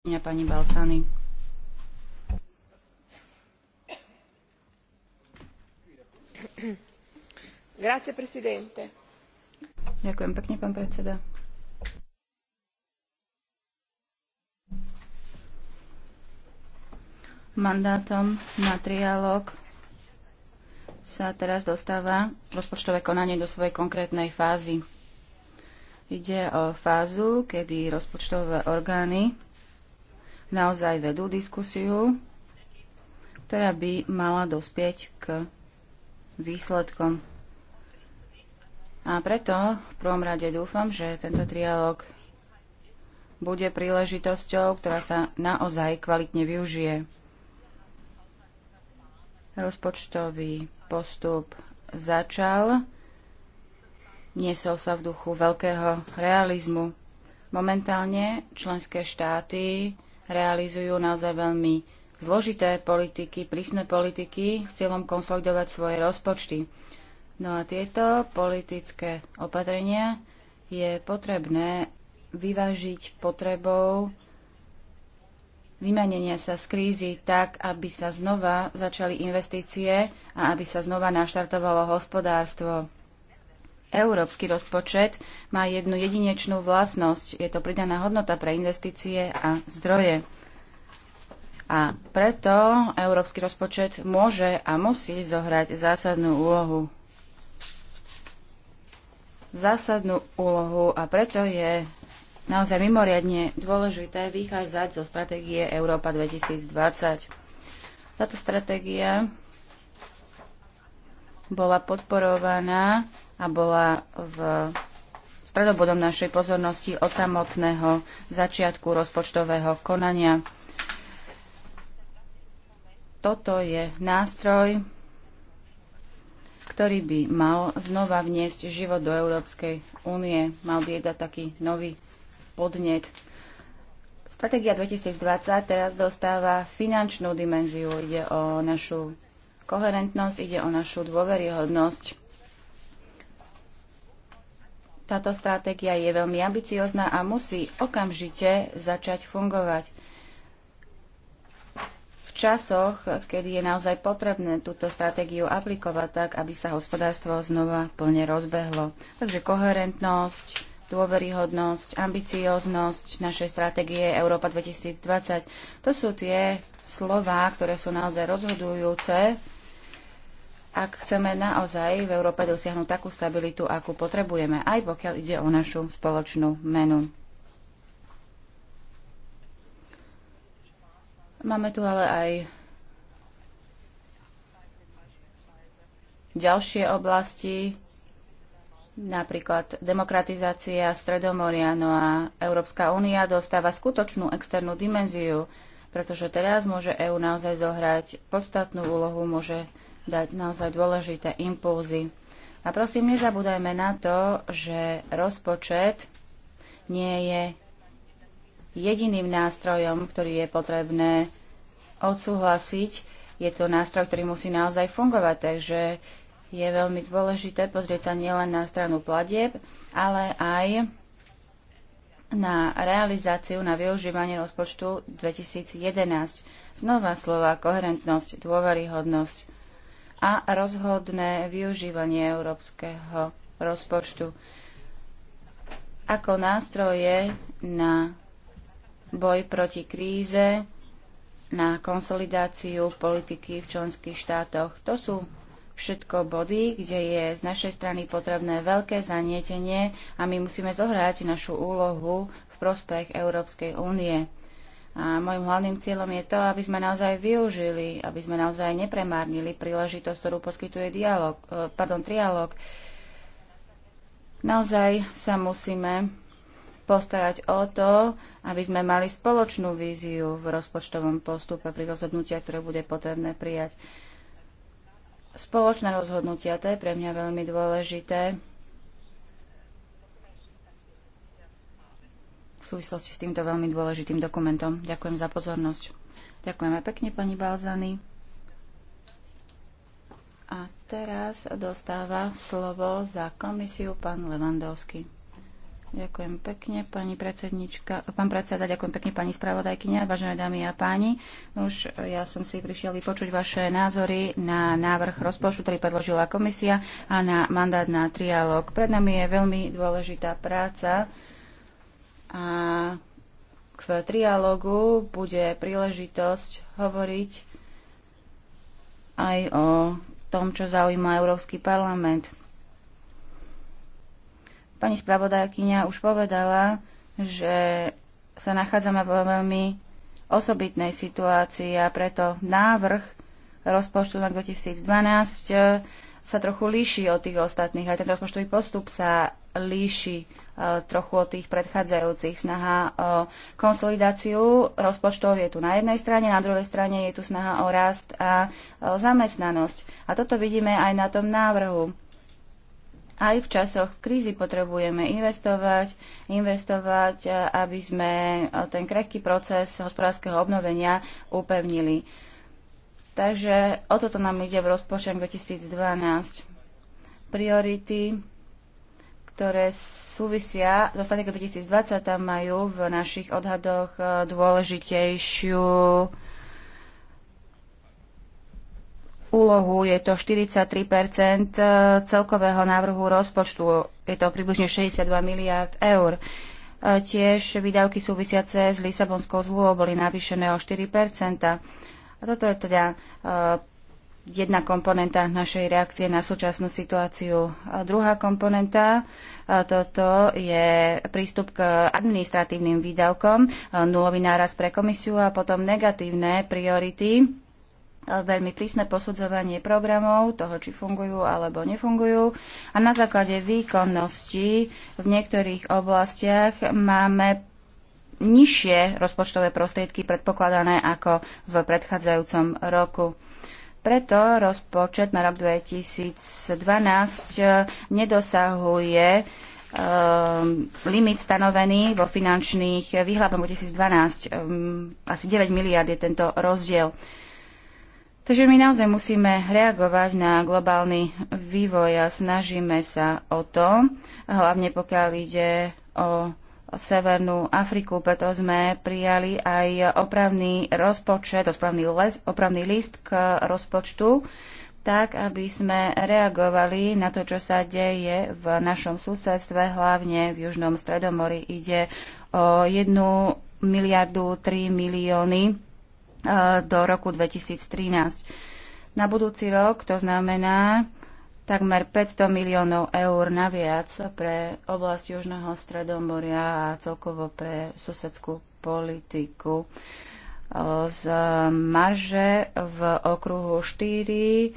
pani Grazie, presidente. Ďakujem pekne, pán predseda. Mandátom na trialog sa teraz dostáva rozpočtové konanie do svojej konkrétnej fázy. Ide o fázu, kedy rozpočtové orgány naozaj vedú diskusiu, ktorá by mala dospieť k výsledkom. A preto v prvom rade dúfam, že tento trialog bude príležitosťou, ktorá sa naozaj kvalitne využije. Rozpočtový postup začal, niesol sa v duchu veľkého realizmu. Momentálne členské štáty realizujú naozaj veľmi zložité politiky, prísne politiky s cieľom konsolidovať svoje rozpočty. No a tieto politické opatrenia je potrebné vyvážiť potrebou vymanenia sa z krízy tak, aby sa znova začali investície a aby sa znova naštartovalo hospodárstvo. Európsky rozpočet má jednu jedinečnú vlastnosť. Je to pridaná hodnota pre investície a zdroje. A preto európsky rozpočet môže a musí zohrať zásadnú úlohu. Zásadnú úlohu a preto je naozaj mimoriadne dôležité vychádzať zo stratégie Európa 2020. Táto stratégia bola podporovaná a bola v stredobodom našej pozornosti od samotného začiatku rozpočtového konania. Toto je nástroj, ktorý by mal znova vniesť život do Európskej únie. Mal by dať taký nový podnet. Stratégia 2020 teraz dostáva finančnú dimenziu. Ide o našu koherentnosť, ide o našu dôveryhodnosť táto stratégia je veľmi ambiciozná a musí okamžite začať fungovať. V časoch, kedy je naozaj potrebné túto stratégiu aplikovať tak, aby sa hospodárstvo znova plne rozbehlo. Takže koherentnosť, dôveryhodnosť, ambicioznosť našej stratégie Európa 2020. To sú tie slová, ktoré sú naozaj rozhodujúce ak chceme naozaj v Európe dosiahnuť takú stabilitu, akú potrebujeme, aj pokiaľ ide o našu spoločnú menu. Máme tu ale aj ďalšie oblasti, napríklad demokratizácia Stredomoria, no a Európska únia dostáva skutočnú externú dimenziu, pretože teraz môže EÚ naozaj zohrať podstatnú úlohu, môže dať naozaj dôležité impulzy. A prosím, nezabúdajme na to, že rozpočet nie je jediným nástrojom, ktorý je potrebné odsúhlasiť. Je to nástroj, ktorý musí naozaj fungovať, takže je veľmi dôležité pozrieť sa nielen na stranu platieb, ale aj na realizáciu, na využívanie rozpočtu 2011. Znova slova koherentnosť, dôveryhodnosť a rozhodné využívanie európskeho rozpočtu ako nástroje na boj proti kríze, na konsolidáciu politiky v členských štátoch. To sú všetko body, kde je z našej strany potrebné veľké zanietenie a my musíme zohrať našu úlohu v prospech Európskej únie. A môjim hlavným cieľom je to, aby sme naozaj využili, aby sme naozaj nepremárnili príležitosť, ktorú poskytuje dialog, e, pardon, trialog. Naozaj sa musíme postarať o to, aby sme mali spoločnú víziu v rozpočtovom postupe pri rozhodnutiach, ktoré bude potrebné prijať. Spoločné rozhodnutia, to je pre mňa veľmi dôležité súvislosti s týmto veľmi dôležitým dokumentom. Ďakujem za pozornosť. Ďakujeme pekne, pani Balzany. A teraz dostáva slovo za komisiu pán Levandovský. Ďakujem pekne, pani predsednička, pán predseda, ďakujem pekne, pani spravodajkynia, vážené dámy a páni. Už ja som si prišiel vypočuť vaše názory na návrh rozpočtu, ktorý predložila komisia a na mandát na trialog. Pred nami je veľmi dôležitá práca a k trialogu bude príležitosť hovoriť aj o tom, čo zaujíma Európsky parlament. Pani spravodajkyňa už povedala, že sa nachádzame vo veľmi osobitnej situácii a preto návrh rozpočtu na 2012 sa trochu líši od tých ostatných. Aj ten rozpočtový postup sa líši e, trochu od tých predchádzajúcich. Snaha o konsolidáciu rozpočtov je tu na jednej strane, na druhej strane je tu snaha o rast a o e, zamestnanosť. A toto vidíme aj na tom návrhu. Aj v časoch krízy potrebujeme investovať, investovať, e, aby sme ten krehký proces hospodárskeho obnovenia upevnili. Takže o toto nám ide v rozpočtu 2012. Priority, ktoré súvisia so stratégiou 2020, tam majú v našich odhadoch e, dôležitejšiu úlohu. Je to 43 e, celkového návrhu rozpočtu. Je to približne 62 miliard eur. E, tiež výdavky súvisiace s Lisabonskou zmluvou boli navýšené o 4 a toto je teda eh, jedna komponenta našej reakcie na súčasnú situáciu. A druhá komponenta eh, toto je prístup k administratívnym výdavkom, eh, nulový náraz pre komisiu a potom negatívne priority veľmi prísne posudzovanie programov, toho, či fungujú alebo nefungujú. A na základe výkonnosti v niektorých oblastiach máme nižšie rozpočtové prostriedky predpokladané ako v predchádzajúcom roku. Preto rozpočet na rok 2012 eh, nedosahuje um, limit stanovený vo finančných výhľadom 2012. Um, eh, asi 9 miliard je tento rozdiel. Takže my naozaj musíme reagovať na globálny vývoj a snažíme sa o to, hlavne pokiaľ ide o Severnú Afriku, preto sme prijali aj opravný rozpočet, opravný, les, opravný list k rozpočtu, tak aby sme reagovali na to, čo sa deje v našom susedstve, hlavne v Južnom Stredomori. Ide o 1 miliardu 3 milióny e, do roku 2013. Na budúci rok to znamená takmer 500 miliónov eur naviac pre oblasť Južného stredomoria a celkovo pre susedskú politiku. Z marže v okruhu 4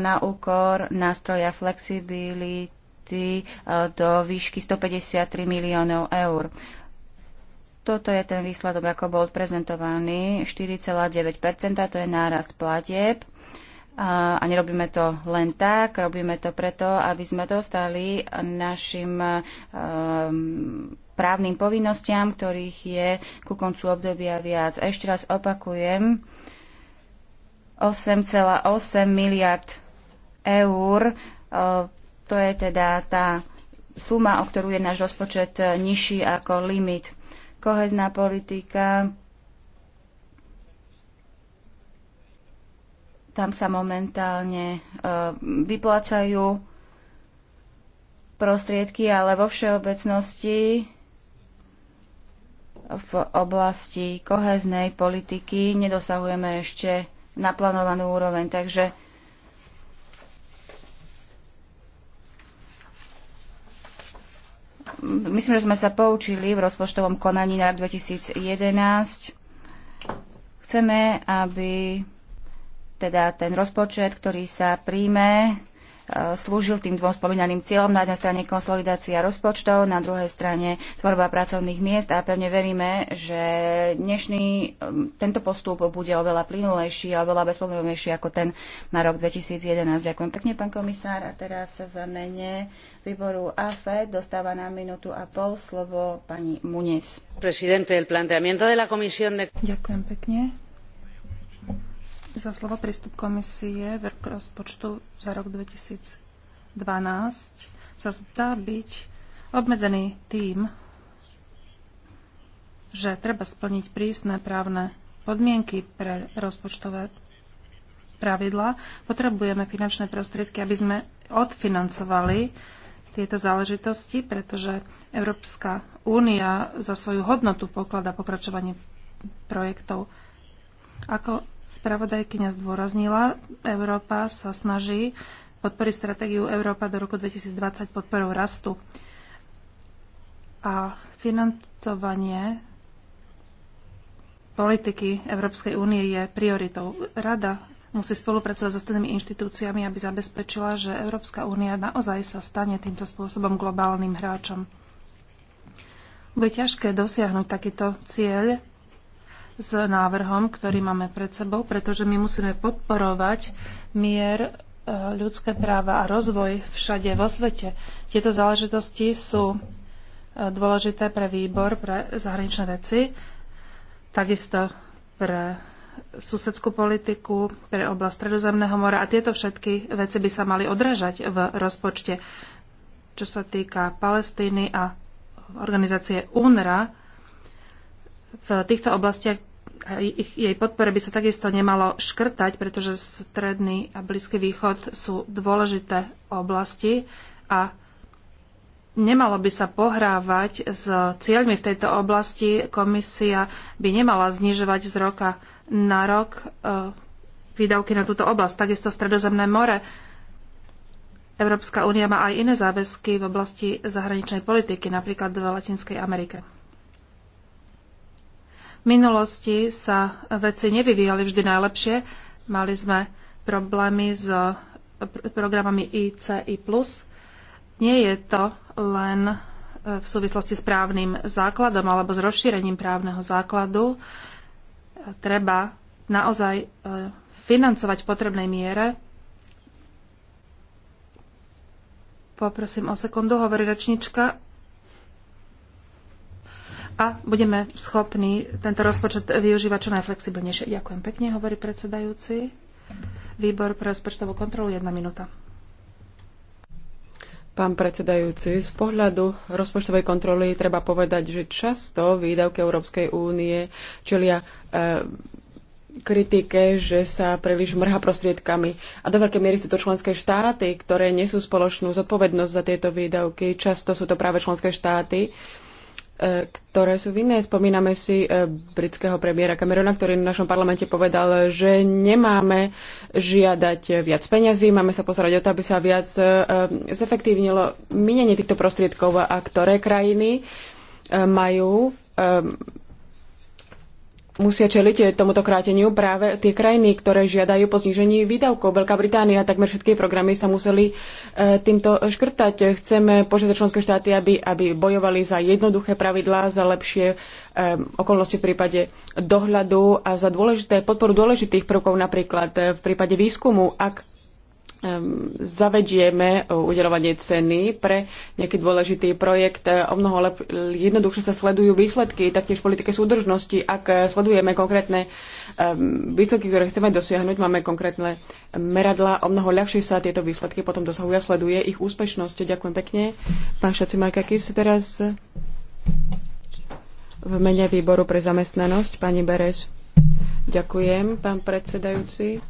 na úkor nástroja flexibility do výšky 153 miliónov eur. Toto je ten výsledok, ako bol prezentovaný. 4,9%, to je nárast platieb a nerobíme to len tak, robíme to preto, aby sme dostali našim um, právnym povinnostiam, ktorých je ku koncu obdobia viac. ešte raz opakujem, 8,8 miliard eur, to je teda tá suma, o ktorú je náš rozpočet nižší ako limit. Kohezná politika Tam sa momentálne e, vyplácajú prostriedky, ale vo všeobecnosti v oblasti koheznej politiky nedosahujeme ešte naplánovanú úroveň. Takže myslím, že sme sa poučili v rozpočtovom konaní na rok 2011. Chceme, aby teda ten rozpočet, ktorý sa príjme, e, slúžil tým dvom spomínaným cieľom. Na jednej strane konsolidácia rozpočtov, na druhej strane tvorba pracovných miest a pevne veríme, že dnešný e, tento postup bude oveľa plynulejší a oveľa bezproblémovejší ako ten na rok 2011. Ďakujem pekne, pán komisár. A teraz v mene výboru AFE dostáva na minútu a pol slovo pani Muniz. Ďakujem pekne za slovo prístup komisie k rozpočtu za rok 2012 sa zdá byť obmedzený tým, že treba splniť prísne právne podmienky pre rozpočtové pravidla. Potrebujeme finančné prostriedky, aby sme odfinancovali tieto záležitosti, pretože Európska únia za svoju hodnotu poklada pokračovanie projektov. Ako Spravodajkyňa zdôraznila, Európa sa snaží podporiť stratégiu Európa do roku 2020 podporou rastu. A financovanie politiky Európskej únie je prioritou. Rada musí spolupracovať s so ostatnými inštitúciami, aby zabezpečila, že Európska únia naozaj sa stane týmto spôsobom globálnym hráčom. Bude ťažké dosiahnuť takýto cieľ s návrhom, ktorý máme pred sebou, pretože my musíme podporovať mier, e, ľudské práva a rozvoj všade vo svete. Tieto záležitosti sú e, dôležité pre výbor pre zahraničné veci, takisto pre susedskú politiku, pre oblasť Stredozemného mora a tieto všetky veci by sa mali odrážať v rozpočte. Čo sa týka Palestíny a organizácie UNRA, v týchto oblastiach jej podpore by sa takisto nemalo škrtať, pretože Stredný a Blízky východ sú dôležité oblasti a nemalo by sa pohrávať s cieľmi v tejto oblasti. Komisia by nemala znižovať z roka na rok e, výdavky na túto oblasť. Takisto Stredozemné more. Európska únia má aj iné záväzky v oblasti zahraničnej politiky, napríklad v Latinskej Amerike minulosti sa veci nevyvíjali vždy najlepšie. Mali sme problémy s programami ICI+. Nie je to len e, v súvislosti s právnym základom alebo s rozšírením právneho základu. Treba naozaj e, financovať v potrebnej miere. Poprosím o sekundu, hovorí rečnička a budeme schopní tento rozpočet využívať čo najflexibilnejšie. Ďakujem pekne, hovorí predsedajúci. Výbor pre rozpočtovú kontrolu, jedna minúta. Pán predsedajúci, z pohľadu rozpočtovej kontroly treba povedať, že často výdavky Európskej únie čelia e, kritike, že sa príliš mrha prostriedkami. A do veľkej miery sú to členské štáty, ktoré nesú spoločnú zodpovednosť za tieto výdavky. Často sú to práve členské štáty, E, ktoré sú vinné. Spomíname si e, britského premiéra Camerona, ktorý v našom parlamente povedal, že nemáme žiadať viac peňazí, máme sa pozerať o to, aby sa viac e, zefektívnilo minenie týchto prostriedkov a ktoré krajiny majú musia čeliť tomuto kráteniu práve tie krajiny, ktoré žiadajú po znížení výdavkov. Veľká Británia, takmer všetky programy sa museli e, týmto škrtať. Chceme požiadať členské štáty, aby, aby bojovali za jednoduché pravidlá, za lepšie e, okolnosti v prípade dohľadu a za dôležité, podporu dôležitých prvkov, napríklad v prípade výskumu. Ak zavedieme eh, udelovanie ceny pre nejaký dôležitý projekt. Eh, o mnoho lep- jednoduchšie sa sledujú výsledky, taktiež v politike súdržnosti. Ak eh, sledujeme konkrétne výsledky, ktoré chceme dosiahnuť, máme konkrétne meradla, o mnoho ľahšie sa tieto výsledky potom dosahujú a sleduje ich úspešnosť. Ďakujem pekne. Pán Markakis teraz v mene výboru pre zamestnanosť, pani Bereš. Ďakujem, pán predsedajúci.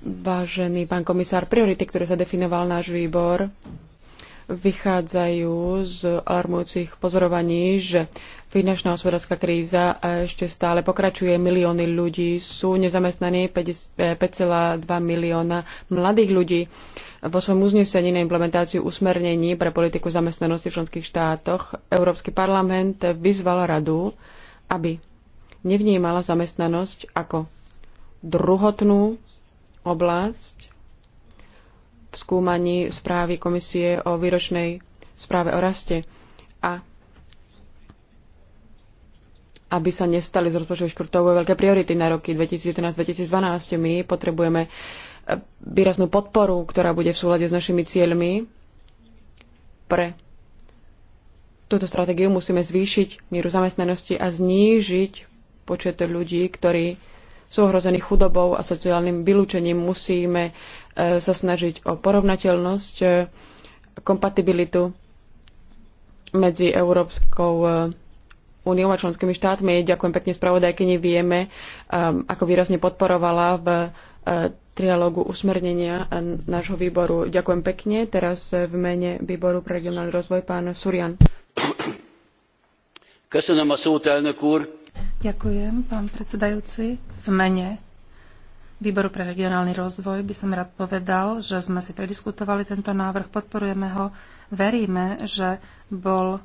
Vážený pán komisár, priority, ktoré sa definoval náš výbor, vychádzajú z alarmujúcich pozorovaní, že finančná hospodárska kríza ešte stále pokračuje. Milióny ľudí sú nezamestnaní, 5,2 milióna mladých ľudí. Vo svojom uznesení na implementáciu usmernení pre politiku zamestnanosti v členských štátoch Európsky parlament vyzval radu, aby nevnímala zamestnanosť ako druhotnú oblasť v skúmaní správy komisie o výročnej správe o raste a aby sa nestali z rozpočtových škrtov veľké priority na roky 2011-2012. My potrebujeme eh, výraznú podporu, ktorá bude v súlade s našimi cieľmi pre túto stratégiu musíme zvýšiť mieru zamestnanosti a znížiť počet ľudí, ktorí sú ohrození chudobou a sociálnym vylúčením. Musíme e, sa snažiť o porovnateľnosť, e, kompatibilitu medzi Európskou e, úniou a členskými štátmi. Ďakujem pekne spravodajkyni. Vieme, ako výrazne podporovala v trialógu usmernenia nášho výboru. Ďakujem pekne. Teraz v mene výboru pre regionálny rozvoj pán Surian. Köszönöm a szót, elnök úr! Ďakujem, pán predsedajúci. V mene Výboru pre regionálny rozvoj by som rád povedal, že sme si prediskutovali tento návrh, podporujeme ho, veríme, že bol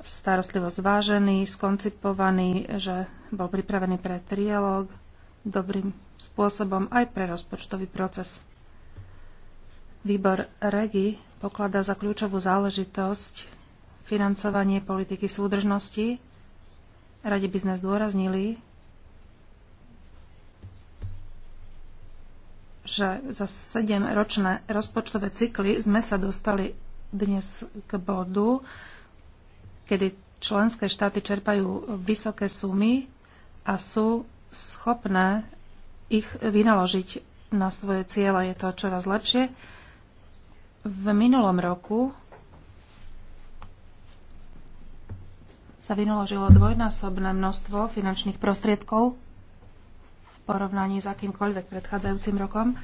starostlivo zvážený, skoncipovaný, že bol pripravený pre trialóg dobrým spôsobom aj pre rozpočtový proces. Výbor REGI pokladá za kľúčovú záležitosť financovanie politiky súdržnosti Radi by sme zdôraznili, že za 7-ročné rozpočtové cykly sme sa dostali dnes k bodu, kedy členské štáty čerpajú vysoké sumy a sú schopné ich vynaložiť na svoje ciele. Je to čoraz lepšie. V minulom roku sa vynaložilo dvojnásobné množstvo finančných prostriedkov v porovnaní s akýmkoľvek predchádzajúcim rokom,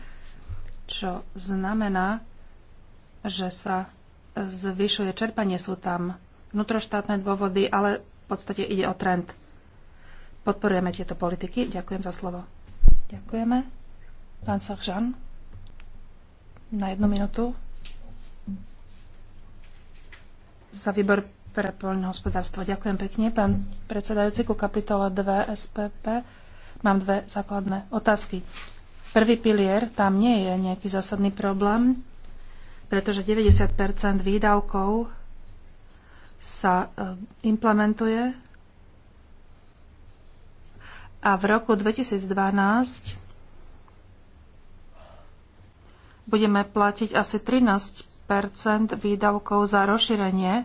čo znamená, že sa zvyšuje čerpanie. Sú tam vnútroštátne dôvody, ale v podstate ide o trend. Podporujeme tieto politiky. Ďakujem za slovo. Ďakujeme. Pán Sachžan, na jednu minútu. Za výbor pre poľnohospodárstvo. Ďakujem pekne, pán predsedajúci, ku kapitole 2 SPP. Mám dve základné otázky. Prvý pilier, tam nie je nejaký zásadný problém, pretože 90 výdavkov sa e, implementuje a v roku 2012 budeme platiť asi 13 výdavkov za rozšírenie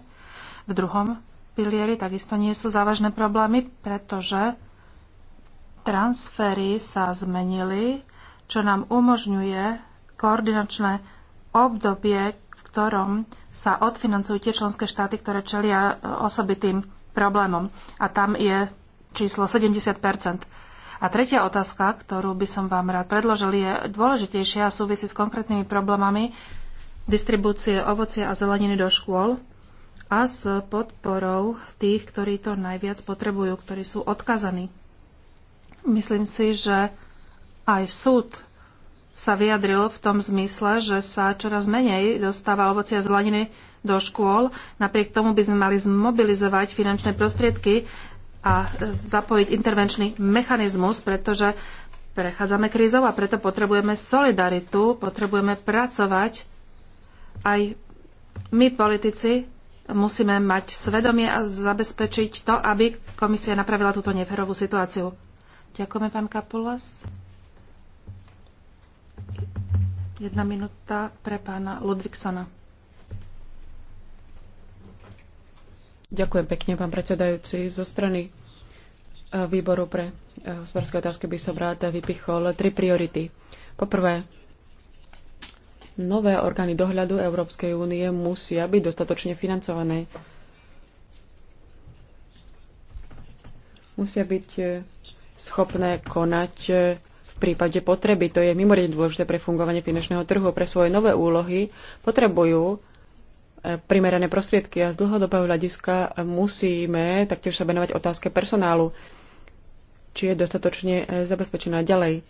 v druhom pilieri takisto nie sú závažné problémy, pretože transfery sa zmenili, čo nám umožňuje koordinačné obdobie, v ktorom sa odfinancujú tie členské štáty, ktoré čelia e, osobitým problémom. A tam je číslo 70 a tretia otázka, ktorú by som vám rád predložil, je dôležitejšia a súvisí s konkrétnymi problémami distribúcie ovocia a zeleniny do škôl a s podporou tých, ktorí to najviac potrebujú, ktorí sú odkazaní. Myslím si, že aj súd sa vyjadril v tom zmysle, že sa čoraz menej dostáva ovocia z do škôl. Napriek tomu by sme mali zmobilizovať finančné prostriedky a zapojiť intervenčný mechanizmus, pretože prechádzame krízou a preto potrebujeme solidaritu, potrebujeme pracovať aj my politici musíme mať svedomie a zabezpečiť to, aby komisia napravila túto neferovú situáciu. Ďakujeme, pán Kapulas. Jedna minúta pre pána Ludvíksona. Ďakujem pekne, pán predsedajúci. Zo strany e, výboru pre e, hospodárske otázky by som rád vypichol tri priority. Poprvé, Nové orgány dohľadu Európskej únie musia byť dostatočne financované. Musia byť e, schopné konať e, v prípade potreby. To je mimoriadne dôležité pre fungovanie finančného trhu. Pre svoje nové úlohy potrebujú e, primerané prostriedky a z dlhodobého hľadiska musíme taktiež sa venovať otázke personálu, či je dostatočne zabezpečená ďalej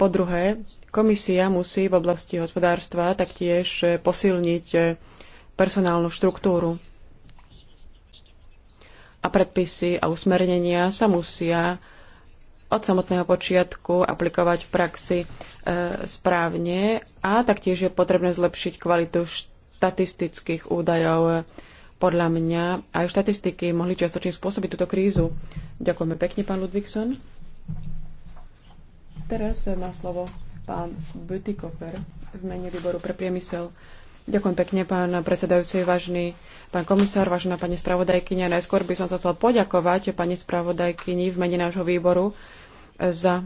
po druhé, komisia musí v oblasti hospodárstva taktiež e, posilniť e, personálnu štruktúru. A predpisy a usmernenia sa musia od samotného počiatku aplikovať v praxi e, správne a taktiež je potrebné zlepšiť kvalitu štatistických údajov. E, podľa mňa aj štatistiky mohli čiastočne spôsobiť túto krízu. Ďakujeme pekne, pán Ludvíkson. Teraz má slovo pán Butikofer v mene výboru pre priemysel. Ďakujem pekne, pán predsedajúci, vážny pán komisár, vážená pani spravodajkynia. Najskôr by som sa chcel poďakovať pani spravodajkyni v mene nášho výboru za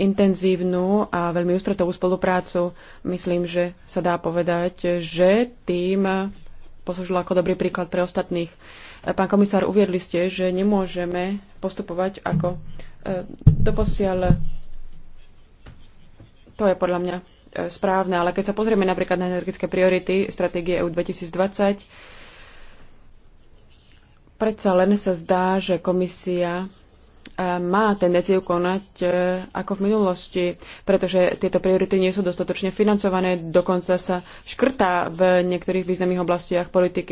intenzívnu a veľmi ústretovú spoluprácu. Myslím, že sa dá povedať, že tým poslúžil ako dobrý príklad pre ostatných. Pán komisár, uviedli ste, že nemôžeme postupovať ako E, doposiaľ to je podľa mňa e, správne, ale keď sa pozrieme napríklad na energetické priority stratégie EU 2020, predsa len sa zdá, že komisia E, má tendenciu konať e, ako v minulosti, pretože tieto priority nie sú dostatočne financované, dokonca sa škrtá v niektorých významných oblastiach politiky,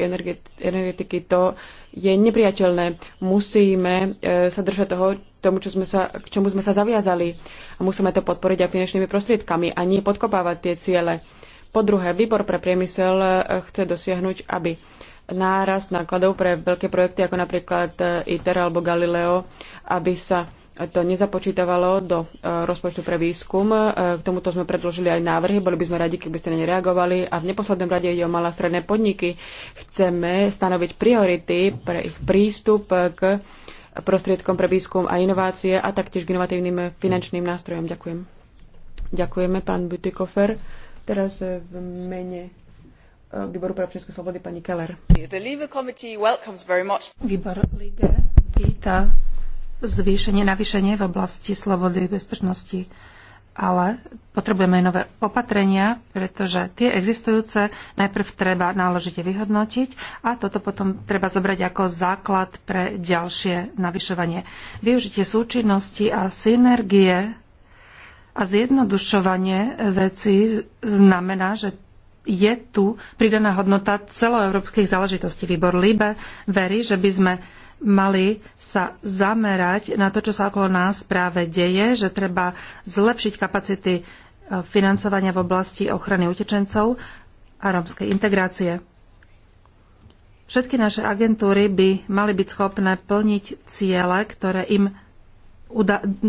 energetiky. To je nepriateľné. Musíme e, sa držať toho, tomu, čo sme sa, k čomu sme sa zaviazali a musíme to podporiť aj finančnými prostriedkami a nie podkopávať tie ciele. Po druhé, výbor pre priemysel chce dosiahnuť, aby nárast nákladov pre veľké projekty ako napríklad e, ITER alebo Galileo, aby sa to nezapočítavalo do e, rozpočtu pre výskum. E, k tomuto sme predložili aj návrhy, boli by sme radi, keby ste na ne reagovali. A v neposlednom rade ide o malé stredné podniky. Chceme stanoviť priority pre ich prístup k prostriedkom pre výskum a inovácie a taktiež k inovatívnym finančným nástrojom. Ďakujem. Ďakujeme, pán Butikofer. Teraz v mene Eh, výboru pre občianske slobody pani Keller. Výbor Libe víta zvýšenie, navýšenie v oblasti slobody, bezpečnosti, ale potrebujeme aj nové opatrenia, pretože tie existujúce najprv treba náležite vyhodnotiť a toto potom treba zobrať ako základ pre ďalšie navyšovanie. Využitie súčinnosti a synergie a zjednodušovanie vecí znamená, že je tu pridaná hodnota celoeurópskych záležitostí. Výbor Libe verí, že by sme mali sa zamerať na to, čo sa okolo nás práve deje, že treba zlepšiť kapacity e, financovania v oblasti ochrany utečencov a rómskej integrácie. Všetky naše agentúry by mali byť schopné plniť ciele, ktoré im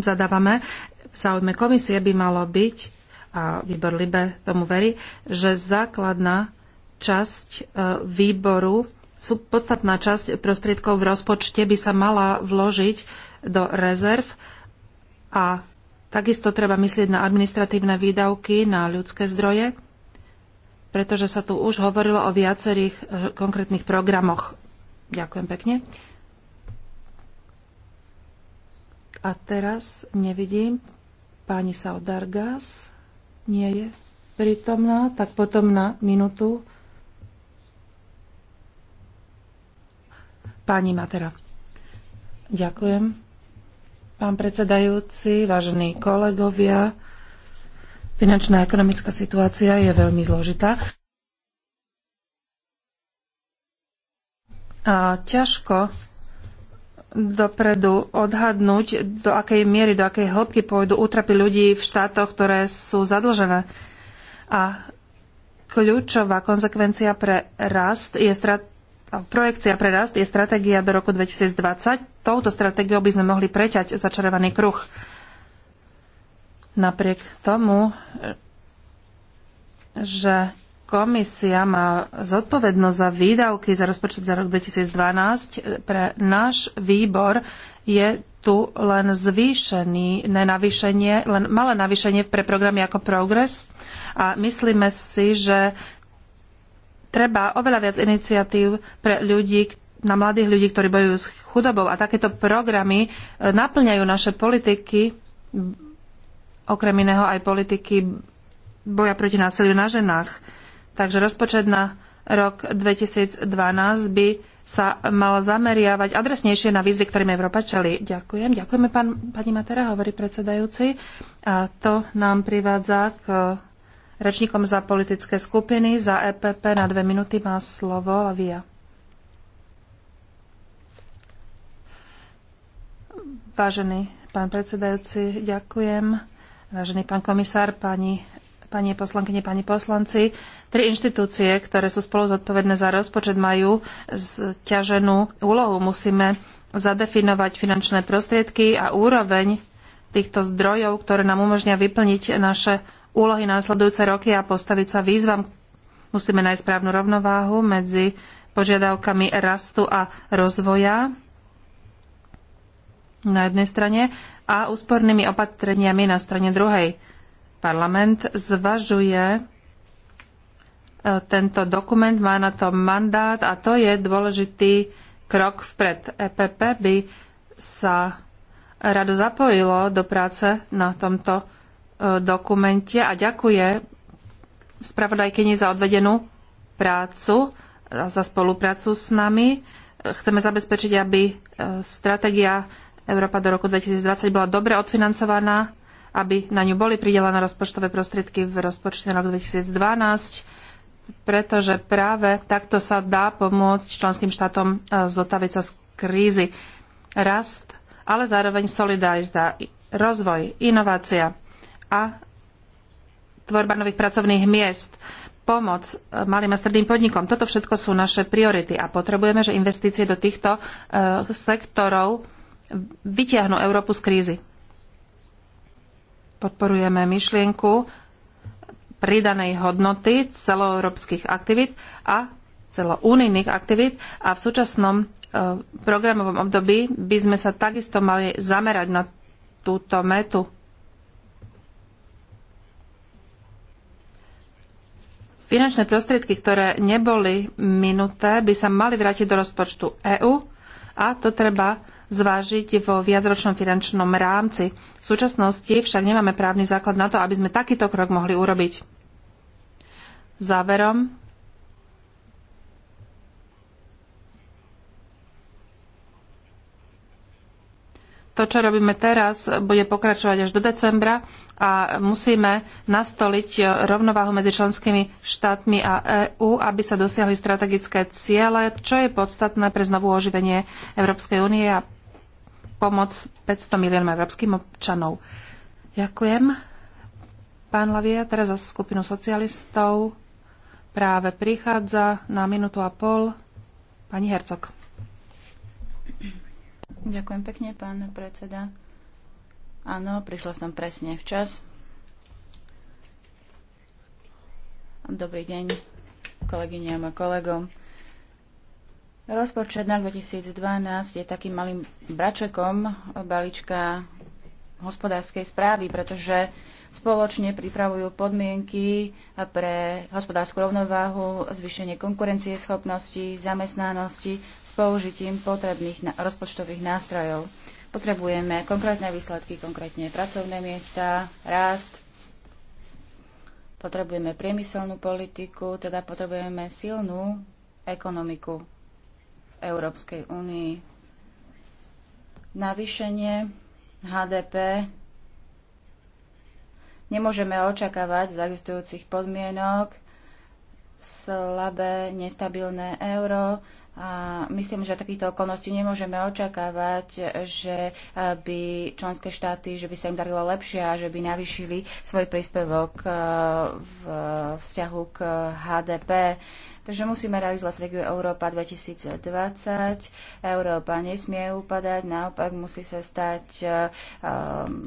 zadávame. V záujme komisie by malo byť a výbor Libe tomu verí, že základná časť e, výboru, podstatná časť prostriedkov v rozpočte by sa mala vložiť do rezerv a takisto treba myslieť na administratívne výdavky, na ľudské zdroje, pretože sa tu už hovorilo o viacerých e, konkrétnych programoch. Ďakujem pekne. A teraz nevidím pani Saudargas nie je prítomná, tak potom na minutu. pani Matera. Ďakujem. Pán predsedajúci, vážení kolegovia, finančná a ekonomická situácia je veľmi zložitá. A ťažko dopredu odhadnúť, do akej miery, do akej hĺbky pôjdu útrapy ľudí v štátoch, ktoré sú zadlžené. A kľúčová konsekvencia pre rast je strat- projekcia pre rast je stratégia do roku 2020. Touto stratégiou by sme mohli preťať začarovaný kruh. Napriek tomu, že komisia má zodpovednosť za výdavky za rozpočet za rok 2012, pre náš výbor je tu len zvýšený, ne navýšenie, len malé navýšenie pre programy ako Progress a myslíme si, že treba oveľa viac iniciatív pre ľudí, na mladých ľudí, ktorí bojujú s chudobou a takéto programy e, naplňajú naše politiky, okrem iného aj politiky boja proti násiliu na ženách. Takže rozpočet na rok 2012 by sa mal zameriavať adresnejšie na výzvy, ktorým Európa čeli. Ďakujem. Ďakujeme, pán, pani Matera, hovorí predsedajúci. A to nám privádza k rečníkom za politické skupiny. Za EPP na dve minúty má slovo Lavia. Vážený pán predsedajúci, ďakujem. Vážený pán komisár, pani pani poslankyne, pani poslanci. Tri inštitúcie, ktoré sú spolu zodpovedné za rozpočet, majú zťaženú úlohu. Musíme zadefinovať finančné prostriedky a úroveň týchto zdrojov, ktoré nám umožnia vyplniť naše úlohy následujúce roky a postaviť sa výzvam. Musíme nájsť správnu rovnováhu medzi požiadavkami rastu a rozvoja na jednej strane a úspornými opatreniami na strane druhej. Parlament zvažuje e, tento dokument, má na to mandát a to je dôležitý krok vpred. EPP by sa rado zapojilo do práce na tomto e, dokumente a ďakuje spravodajkyni za odvedenú prácu a za spoluprácu s nami. E, chceme zabezpečiť, aby stratégia Európa do roku 2020 bola dobre odfinancovaná aby na ňu boli pridelené rozpočtové prostriedky v rozpočte na rok 2012, pretože práve takto sa dá pomôcť členským štátom e, zotaviť sa z krízy. Rast, ale zároveň solidarita, rozvoj, inovácia a tvorba nových pracovných miest, pomoc e, malým a stredným podnikom. Toto všetko sú naše priority a potrebujeme, že investície do týchto e, sektorov vytiahnu Európu z krízy. Podporujeme myšlienku pridanej hodnoty celoeurópskych aktivít a celounijných aktivít a v súčasnom e, programovom období by sme sa takisto mali zamerať na túto metu. Finančné prostriedky, ktoré neboli minuté, by sa mali vrátiť do rozpočtu EÚ a to treba zvážiť vo viacročnom finančnom rámci. V súčasnosti však nemáme právny základ na to, aby sme takýto krok mohli urobiť. Záverom to, čo robíme teraz, bude pokračovať až do decembra a musíme nastoliť rovnováhu medzi členskými štátmi a EÚ, aby sa dosiahli strategické ciele, čo je podstatné pre znovu oživenie Európskej únie a pomoc 500 miliónom európskym občanov. Ďakujem. Pán Lavia, teraz za skupinu socialistov práve prichádza na minútu a pol pani hercok. Ďakujem pekne, pán predseda. Áno, prišla som presne včas. Dobrý deň kolegyňam a kolegom. Rozpočet na 2012 je takým malým bračekom balíčka hospodárskej správy, pretože spoločne pripravujú podmienky pre hospodárskú rovnováhu, zvýšenie konkurencie schopnosti, zamestnanosti s použitím potrebných rozpočtových nástrojov. Potrebujeme konkrétne výsledky, konkrétne pracovné miesta, rast. Potrebujeme priemyselnú politiku, teda potrebujeme silnú ekonomiku v Európskej únii. Navýšenie HDP nemôžeme očakávať z existujúcich podmienok slabé, nestabilné euro, a myslím, že takýchto okolností nemôžeme očakávať, že by členské štáty, že by sa im darilo lepšie a že by navýšili svoj príspevok v vzťahu k HDP. Takže musíme realizovať stratégiu Európa 2020. Európa nesmie upadať, naopak musí sa stať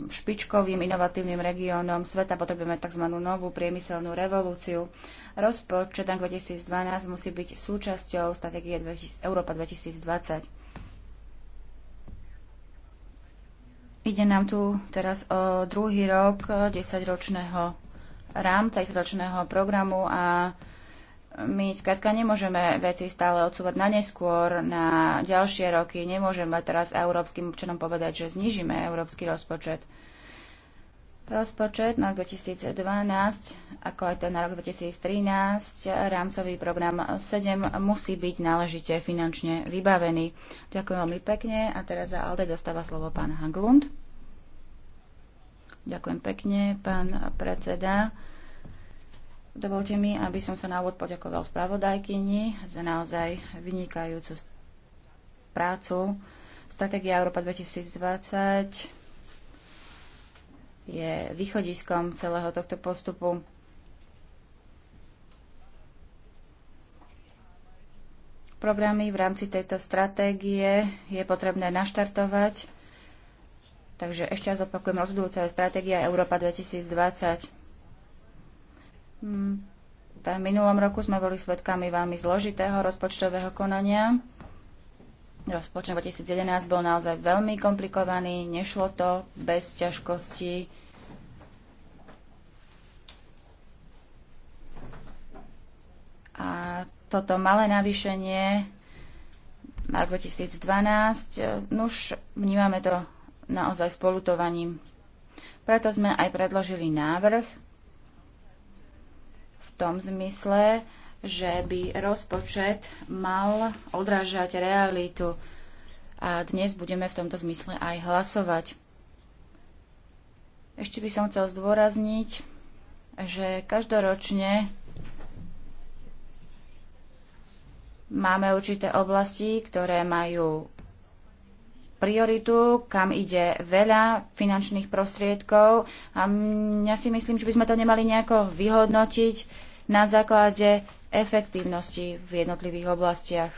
špičkovým, inovatívnym regiónom sveta. Potrebujeme tzv. novú priemyselnú revolúciu. Rozpočet na 2012 musí byť súčasťou stratégie 20, Európa 2020. Ide nám tu teraz o druhý rok 10-ročného rámca, 10-ročného programu a my skrátka nemôžeme veci stále odsúvať na neskôr, na ďalšie roky. Nemôžeme teraz európskym občanom povedať, že znižíme európsky rozpočet. Rozpočet na 2012, ako aj ten na rok 2013, rámcový program 7 musí byť náležite finančne vybavený. Ďakujem veľmi pekne a teraz za Alde dostáva slovo pán Haglund. Ďakujem pekne, pán predseda. Dovolte mi, aby som sa na úvod poďakoval spravodajkyni za naozaj vynikajúcu prácu. Stratégia Európa 2020 je východiskom celého tohto postupu. Programy v rámci tejto stratégie je potrebné naštartovať. Takže ešte raz opakujem, rozhodujúca je stratégia Európa 2020. Mm, v minulom roku sme boli svedkami veľmi zložitého rozpočtového konania Rozpočet 2011 bol naozaj veľmi komplikovaný, nešlo to bez ťažkostí. A toto malé navýšenie na rok 2012, nuž vnímame to naozaj spolutovaním. Preto sme aj predložili návrh v tom zmysle, že by rozpočet mal odrážať realitu. A dnes budeme v tomto zmysle aj hlasovať. Ešte by som chcel zdôrazniť, že každoročne máme určité oblasti, ktoré majú prioritu, kam ide veľa finančných prostriedkov a ja si myslím, že by sme to nemali nejako vyhodnotiť na základe efektívnosti v jednotlivých oblastiach.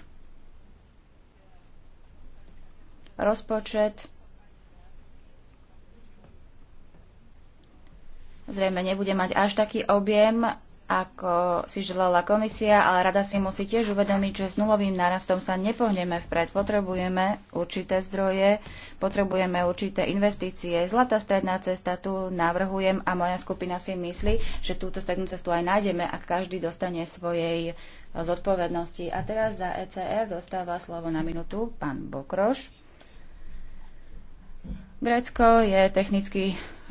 Rozpočet zrejme nebude mať až taký objem, ako si želala komisia, ale rada si musí tiež uvedomiť, že s nulovým narastom sa nepohneme vpred. Potrebujeme určité zdroje, potrebujeme určité investície. Zlatá stredná cesta tu navrhujem a moja skupina si myslí, že túto strednú cestu aj nájdeme, ak každý dostane svojej zodpovednosti. A teraz za ECR dostáva slovo na minútu pán Bokroš. Grécko je technicky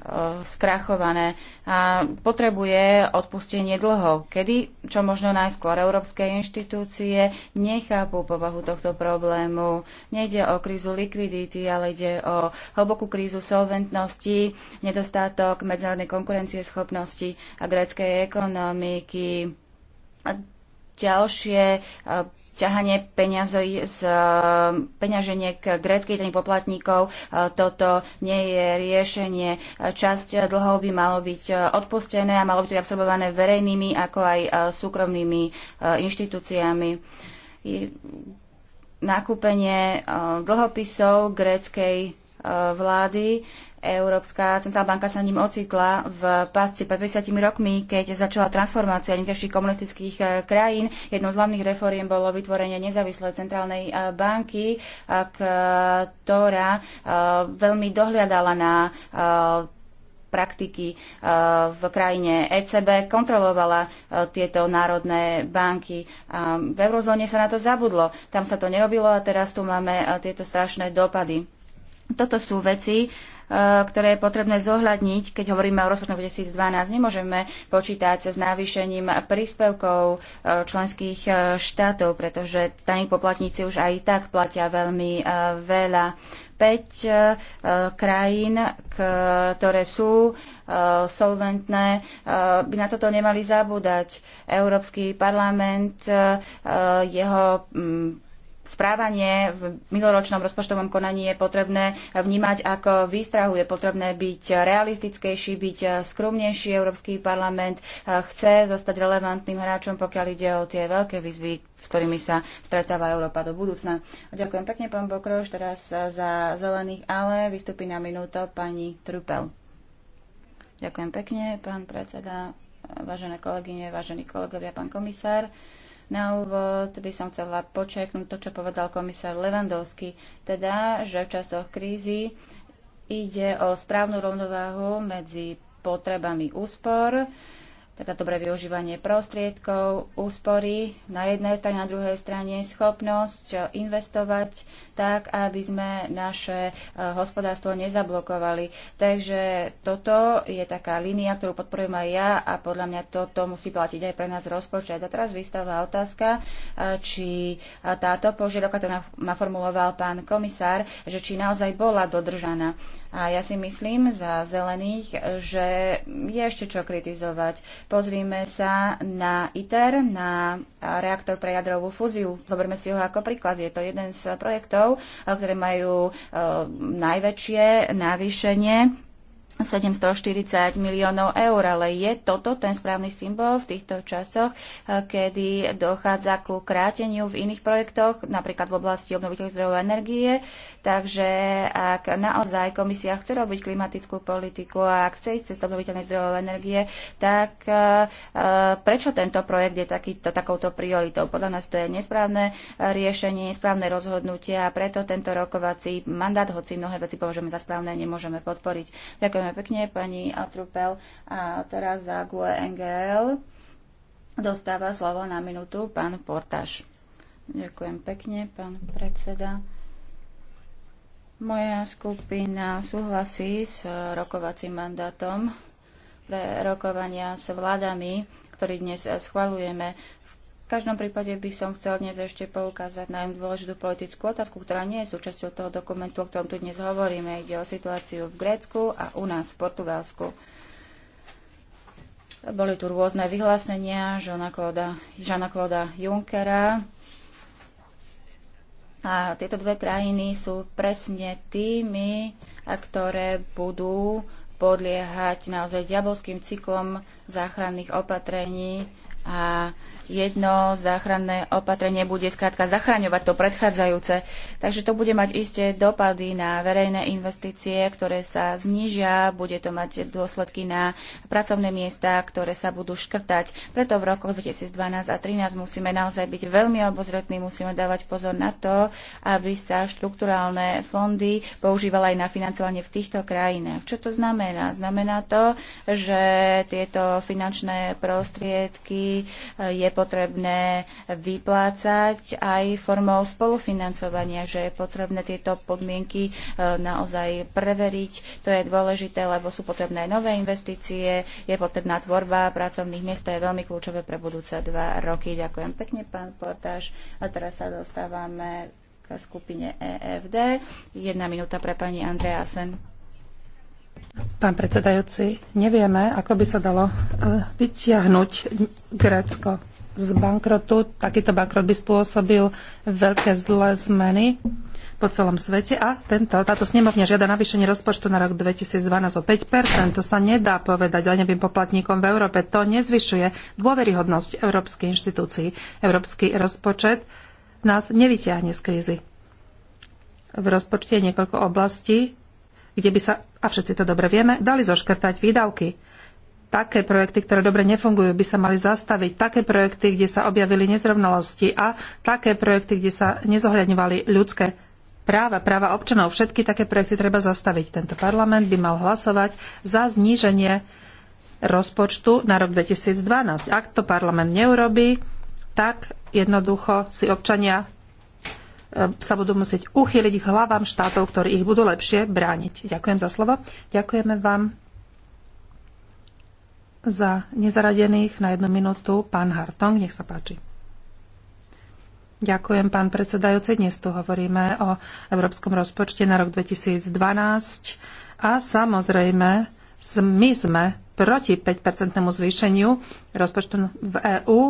Eh, skrachované a potrebuje odpustenie dlhov. Kedy, čo možno najskôr, európske inštitúcie nechápu povahu tohto problému. Nejde o krízu likvidity, ale ide o hlbokú krízu solventnosti, nedostatok medzinárodnej konkurencieschopnosti a gréckej ekonomiky. A ďalšie eh, ťahanie peňazí z eh, peňaženiek gréckej daní poplatníkov. Eh, toto nie je riešenie. Eh, časť dlhov by malo byť odpustené a malo byť absorbované verejnými ako aj súkromnými inštitúciami nakúpenie dlhopisov gréckej vlády Európska centrálna banka sa ním ocitla v pásci pred 50 rokmi, keď začala transformácia niektorých komunistických eh, krajín. Jednou z hlavných reforiem bolo vytvorenie nezávislej centrálnej eh, banky, ktorá eh, veľmi dohliadala na praktiky v krajine ECB kontrolovala tieto národné banky. V eurozóne sa na to zabudlo. Tam sa to nerobilo a teraz tu máme tieto strašné dopady. Toto sú veci, Eh, ktoré je potrebné zohľadniť, keď hovoríme o rozpočtu 2012. Nemôžeme počítať s navýšením príspevkov eh, členských eh, štátov, pretože daní poplatníci už aj tak platia veľmi veľa. 5 krajín, ktoré sú solventné, by na toto nemali zabúdať. Európsky parlament, jeho mm, správanie v minuloročnom rozpočtovom konaní je potrebné vnímať ako výstrahu. Je potrebné byť realistickejší, byť skromnejší. Európsky parlament eh, chce zostať relevantným hráčom, pokiaľ ide o tie veľké výzvy, s ktorými sa stretáva Európa do budúcna. Ďakujem pekne, pán Bokroš, teraz eh, za zelených, ale vystupí na minúto pani Trupel. Ďakujem pekne, pán predseda, vážené kolegyne, vážení kolegovia, pán komisár. Na úvod by som chcela počeknúť to, čo povedal komisár Levandovský, teda, že v častoch krízy ide o správnu rovnováhu medzi potrebami úspor, teda dobré využívanie prostriedkov, úspory na jednej strane, na druhej strane schopnosť eh, investovať tak, aby sme naše eh, hospodárstvo nezablokovali. Takže toto je taká línia, ktorú podporujem aj ja a podľa mňa toto musí platiť aj pre nás rozpočet. A teraz vystáva otázka, eh, či táto požiadavka, to formuloval pán komisár, že či naozaj bola dodržaná. A ja si myslím za zelených, že je ešte čo kritizovať Pozrime sa na ITER, na reaktor pre jadrovú fúziu. Zoberme si ho ako príklad. Je to jeden z projektov, ktoré majú eh, najväčšie navýšenie 740 miliónov eur, ale je toto ten správny symbol v týchto časoch, eh, kedy dochádza ku kráteniu v iných projektoch, napríklad v oblasti obnoviteľných zdrojov energie. Takže ak naozaj komisia chce robiť klimatickú politiku a ak chce ísť cez obnoviteľné zdrojov energie, tak eh, eh, prečo tento projekt je takýto, takouto prioritou? Podľa nás to je nesprávne riešenie, nesprávne rozhodnutie a preto tento rokovací mandát, hoci mnohé veci považujeme za správne, nemôžeme podporiť. Ďakujem Ďakujeme pekne pani Atrupel a teraz za GUE NGL dostáva slovo na minútu pán portáš. Ďakujem pekne, pán predseda. Moja skupina súhlasí s rokovacím mandátom pre rokovania s vládami, ktorý dnes schvalujeme. V každom prípade by som chcel dnes ešte poukázať na dôležitú politickú otázku, ktorá nie je súčasťou toho dokumentu, o ktorom tu dnes hovoríme. Ide o situáciu v Grécku a u nás v Portugalsku. Boli tu rôzne vyhlásenia Žana Žana Kloda Junckera. A tieto dve krajiny sú presne tými, ktoré budú podliehať naozaj diabolským cyklom záchranných opatrení a jedno záchranné opatrenie bude skrátka zachraňovať to predchádzajúce. Takže to bude mať isté dopady na verejné investície, ktoré sa znížia, bude to mať dôsledky na pracovné miesta, ktoré sa budú škrtať. Preto v rokoch 2012 a 2013 musíme naozaj byť veľmi obozretní, musíme dávať pozor na to, aby sa štrukturálne fondy používali aj na financovanie v týchto krajinách. Čo to znamená? Znamená to, že tieto finančné prostriedky je potrebné vyplácať aj formou spolufinancovania, že je potrebné tieto podmienky e, naozaj preveriť. To je dôležité, lebo sú potrebné nové investície, je potrebná tvorba pracovných miest, to je veľmi kľúčové pre budúce dva roky. Ďakujem pekne, pán Portáš. A teraz sa dostávame k skupine EFD. Jedna minúta pre pani Andreasen. Pán predsedajúci, nevieme, ako by sa dalo eh, vytiahnuť Grécko z bankrotu. Takýto bankrot by spôsobil veľké zlé zmeny po celom svete a tento, táto snemovňa žiada navýšenie rozpočtu na rok 2012 o 5%. To sa nedá povedať daňovým poplatníkom v Európe. To nezvyšuje dôveryhodnosť európskej inštitúcií. Európsky rozpočet nás nevyťahne z krízy. V rozpočte je niekoľko oblastí, kde by sa, a všetci to dobre vieme, dali zoškrtať výdavky. Také projekty, ktoré dobre nefungujú, by sa mali zastaviť. Také projekty, kde sa objavili nezrovnalosti a také projekty, kde sa nezohľadňovali ľudské práva, práva občanov. Všetky také projekty treba zastaviť. Tento parlament by mal hlasovať za zníženie rozpočtu na rok 2012. Ak to parlament neurobi, tak jednoducho si občania sa budú musieť uchyliť hlavám štátov, ktorí ich budú lepšie brániť. Ďakujem za slovo. Ďakujeme vám za nezaradených na jednu minútu. Pán Hartong, nech sa páči. Ďakujem, pán predsedajúci. Dnes tu hovoríme o európskom rozpočte na rok 2012 a samozrejme my sme proti 5-percentnému zvýšeniu rozpočtu v EÚ,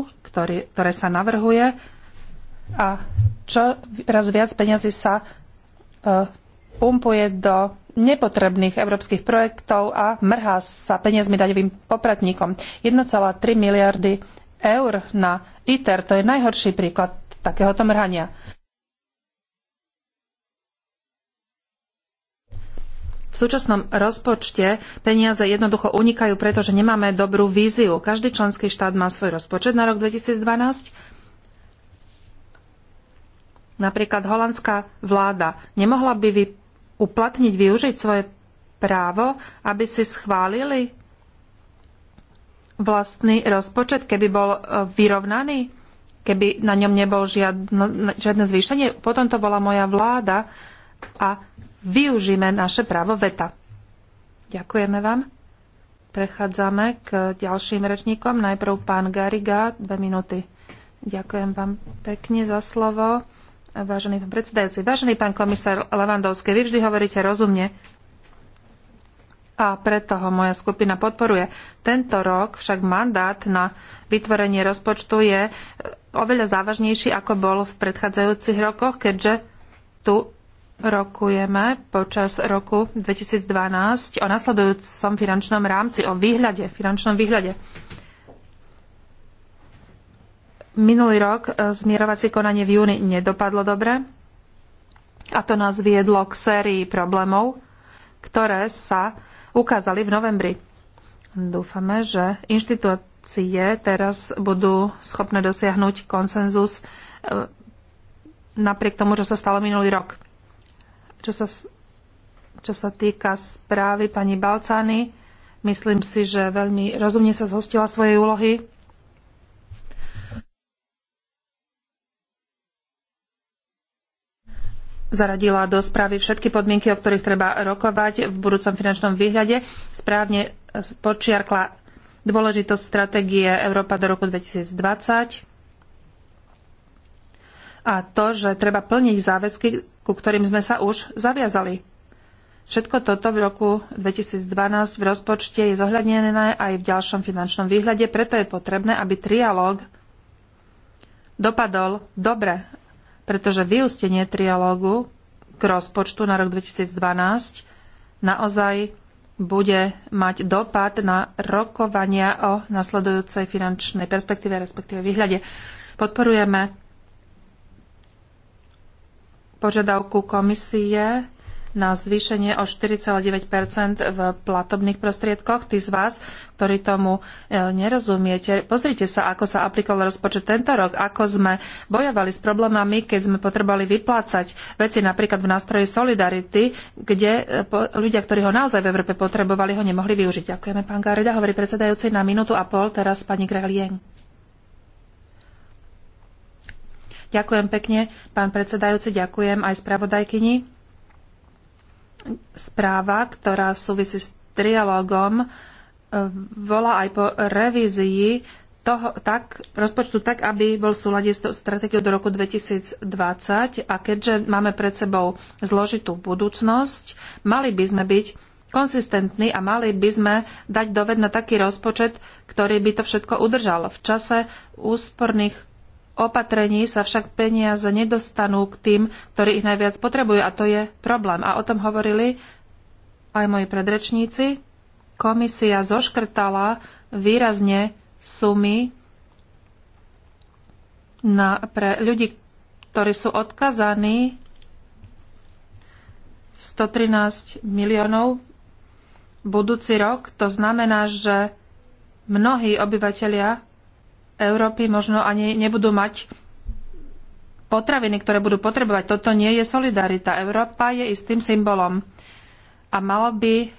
ktoré sa navrhuje a čo raz viac peniazy sa e, pumpuje do nepotrebných európskych projektov a mrhá sa peniazmi daňovým popratníkom. 1,3 miliardy eur na ITER, to je najhorší príklad takéhoto mrhania. V súčasnom rozpočte peniaze jednoducho unikajú, pretože nemáme dobrú víziu. Každý členský štát má svoj rozpočet na rok 2012 Napríklad holandská vláda nemohla by vy, uplatniť, využiť svoje právo, aby si schválili vlastný rozpočet, keby bol e, vyrovnaný, keby na ňom nebol žiadno, žiadne zvýšenie. Potom to bola moja vláda a využíme naše právo veta. Ďakujeme vám. Prechádzame k ďalším rečníkom. Najprv pán Gariga, dve minúty. Ďakujem vám pekne za slovo. Vážený pán predsedajúci, vážený pán komisár Levandovský, vy vždy hovoríte rozumne a preto ho moja skupina podporuje. Tento rok však mandát na vytvorenie rozpočtu je e, oveľa závažnejší, ako bol v predchádzajúcich rokoch, keďže tu rokujeme počas roku 2012 o nasledujúcom finančnom rámci, o výhľade, finančnom výhľade. Minulý rok e, zmierovacie konanie v júni nedopadlo dobre a to nás viedlo k sérii problémov, ktoré sa ukázali v novembri. Dúfame, že inštitúcie teraz budú schopné dosiahnuť konsenzus e, napriek tomu, čo sa stalo minulý rok. Čo sa, čo sa týka správy pani Balcány, myslím si, že veľmi rozumne sa zhostila svojej úlohy zaradila do správy všetky podmienky, o ktorých treba rokovať v budúcom finančnom výhľade. Správne e, počiarkla dôležitosť stratégie Európa do roku 2020 a to, že treba plniť záväzky, ku ktorým sme sa už zaviazali. Všetko toto v roku 2012 v rozpočte je zohľadnené aj v ďalšom finančnom výhľade, preto je potrebné, aby trialóg dopadol dobre pretože vyústenie trialógu k rozpočtu na rok 2012 naozaj bude mať dopad na rokovania o nasledujúcej finančnej perspektíve, respektíve výhľade. Podporujeme požiadavku komisie na zvýšenie o 4,9 v platobných prostriedkoch. Tí z vás, ktorí tomu e, nerozumiete, pozrite sa, ako sa aplikoval rozpočet tento rok, ako sme bojovali s problémami, keď sme potrebovali vyplácať veci napríklad v nástroji Solidarity, kde e, ľudia, ktorí ho naozaj v Európe potrebovali, ho nemohli využiť. Ďakujeme, pán Gareda, hovorí predsedajúci na minútu a pol, teraz pani Grelien. Ďakujem pekne, pán predsedajúci, ďakujem aj spravodajkyni správa, ktorá súvisí s trialogom, e, volá aj po revízii toho, tak, rozpočtu tak, aby bol v súlade s stratégiou do roku 2020 a keďže máme pred sebou zložitú budúcnosť, mali by sme byť konsistentní a mali by sme dať doved na taký rozpočet, ktorý by to všetko udržal v čase úsporných opatrení sa však peniaze nedostanú k tým, ktorí ich najviac potrebujú a to je problém. A o tom hovorili aj moji predrečníci. Komisia zoškrtala výrazne sumy na, pre ľudí, ktorí sú odkazaní 113 miliónov budúci rok. To znamená, že mnohí obyvateľia Európy možno ani nebudú mať potraviny, ktoré budú potrebovať. Toto nie je solidarita. Európa je istým symbolom a malo by,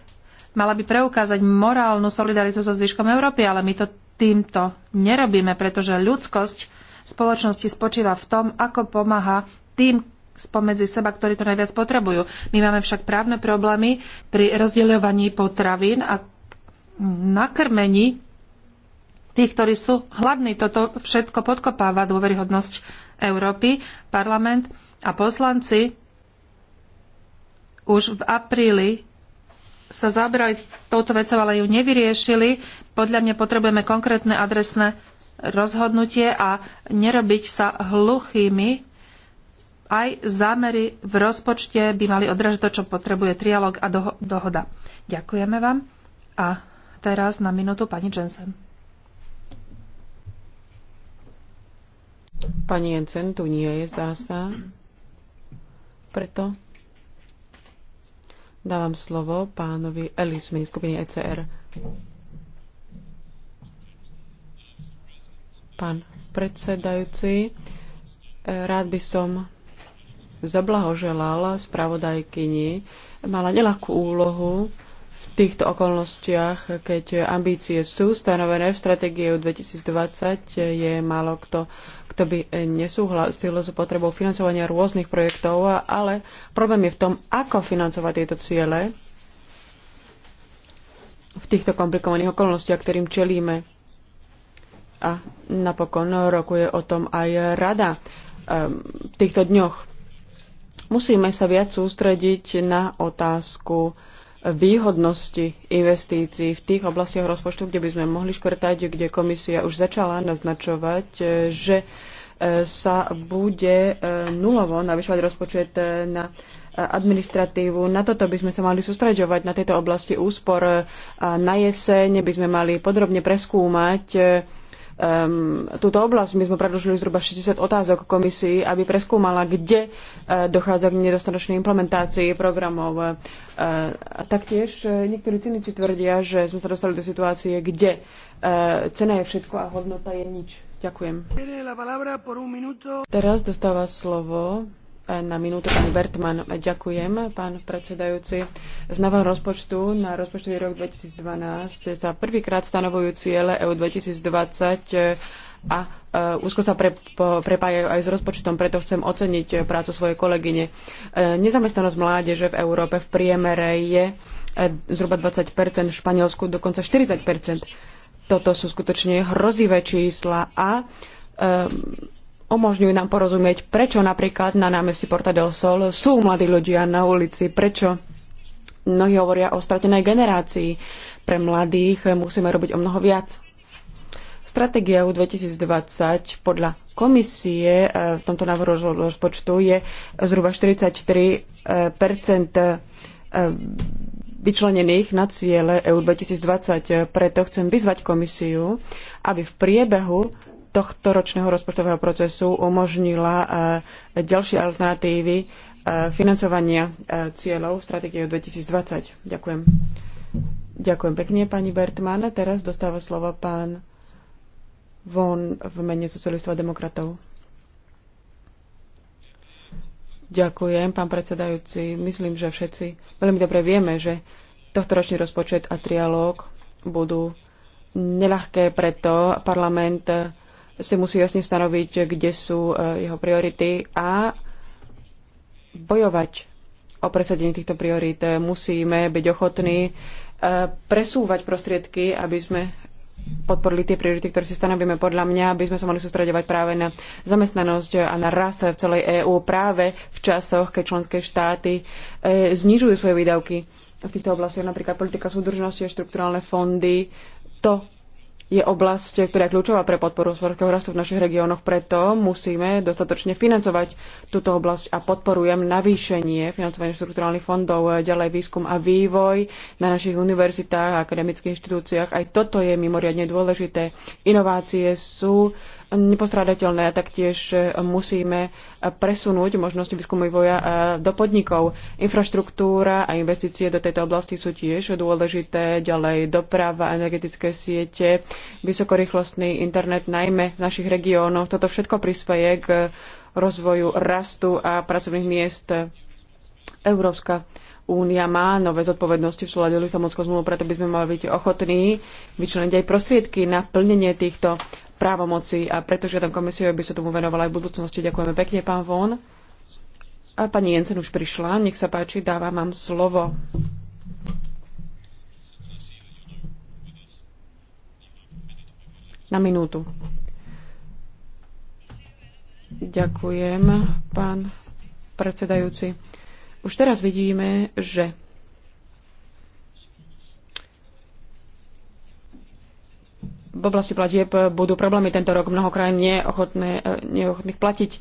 mala by preukázať morálnu solidaritu so zvyškom Európy, ale my to týmto nerobíme, pretože ľudskosť spoločnosti spočíva v tom, ako pomáha tým spomedzi seba, ktorí to najviac potrebujú. My máme však právne problémy pri rozdeľovaní potravín a nakrmení tých, ktorí sú hladní. Toto všetko podkopáva dôveryhodnosť Európy. Parlament a poslanci už v apríli sa zabrali touto vecou, ale ju nevyriešili. Podľa mňa potrebujeme konkrétne adresné rozhodnutie a nerobiť sa hluchými. Aj zámery v rozpočte by mali odražať to, čo potrebuje trialog a dohoda. Ďakujeme vám. A teraz na minútu pani Jensen. Pani Jensen tu nie je, zdá sa. Preto dávam slovo pánovi Elis, skupiny ECR. Pán predsedajúci, rád by som zablahoželal spravodajkyni. Mala nelakú úlohu v týchto okolnostiach, keď ambície sú stanovené v stratégii 2020, je málo kto kto by e, nesúhlasil s potrebou financovania rôznych projektov, ale problém je v tom, ako financovať tieto ciele v týchto komplikovaných okolnostiach, ktorým čelíme. A napokon rokuje o tom aj rada v týchto dňoch. Musíme sa viac sústrediť na otázku výhodnosti investícií v tých oblastiach rozpočtu, kde by sme mohli škrtať, kde komisia už začala naznačovať, e, že e, sa bude e, nulovo navyšovať rozpočet na administratívu. Na toto by sme sa mali sústraďovať, na tejto oblasti úspor. A na jeseň by sme mali podrobne preskúmať um, túto oblasť. My sme predložili zhruba 60 otázok komisii, aby preskúmala, kde uh, dochádza k nedostatočnej implementácii programov. Uh, a taktiež uh, niektorí cynici tvrdia, že sme sa dostali do situácie, kde uh, cena je všetko a hodnota je nič. Ďakujem. Teraz dostáva slovo na minútu pán Bertman. Ďakujem, pán predsedajúci. Z nového rozpočtu na rozpočtový rok 2012 sa prvýkrát stanovujú ciele EU 2020 a e, úzko sa pre, prepájajú aj s rozpočtom, preto chcem oceniť prácu svojej kolegyne. E, nezamestnanosť mládeže v Európe v priemere je e, zhruba 20 v Španielsku dokonca 40 Toto sú skutočne hrozivé čísla a umožňujú nám porozumieť, prečo napríklad na námestí Porta del Sol sú mladí ľudia na ulici, prečo mnohí hovoria o stratenej generácii. Pre mladých musíme robiť o mnoho viac. EU 2020 podľa komisie e, v tomto návrhu rozpočtu je zhruba 43 e, e, vyčlenených na ciele EU 2020. Preto chcem vyzvať komisiu, aby v priebehu tohto ročného rozpočtového procesu umožnila eh, ďalšie alternatívy eh, financovania eh, cieľov stratégie 2020. Ďakujem. Ďakujem pekne, pani Bertman. Teraz dostáva slovo pán von v mene socialistov a demokratov. Ďakujem, pán predsedajúci. Myslím, že všetci veľmi dobre vieme, že tohto ročný rozpočet a trialóg budú neľahké, preto parlament si musí jasne stanoviť, kde sú e, jeho priority a bojovať o presadenie týchto priorít. E, musíme byť ochotní e, presúvať prostriedky, aby sme podporili tie priority, ktoré si stanovíme podľa mňa, aby sme sa mohli sústredovať práve na zamestnanosť a na rast v celej EÚ práve v časoch, keď členské štáty znižujú svoje výdavky v týchto oblastiach, napríklad politika súdržnosti a štrukturálne fondy. To je oblasť, ktorá je kľúčová pre podporu hospodárskeho rastu v našich regiónoch, preto musíme dostatočne financovať túto oblasť a podporujem navýšenie financovania štrukturálnych fondov, ďalej výskum a vývoj na našich univerzitách a akademických inštitúciách. Aj toto je mimoriadne dôležité. Inovácie sú nepostrádateľné. Taktiež e, musíme e, presunúť možnosti výskumu vývoja e, do podnikov. Infraštruktúra a investície do tejto oblasti sú tiež dôležité. Ďalej doprava, energetické siete, vysokorýchlostný internet, najmä v našich regiónoch. Toto všetko prispieje k rozvoju rastu a pracovných miest. Európska únia má nové zodpovednosti v súlade s Lisabonskou zmluvou, preto by sme mali byť ochotní vyčleniť aj prostriedky na plnenie týchto právomoci a preto žiadam komisiu, aby sa tomu venovala aj v budúcnosti. Ďakujeme pekne, pán Von. A pani Jensen už prišla, nech sa páči, dávam vám slovo. Na minútu. Ďakujem, pán predsedajúci. Už teraz vidíme, že v oblasti platieb budú problémy tento rok. Mnoho krajín neochotné, e, neochotných platiť.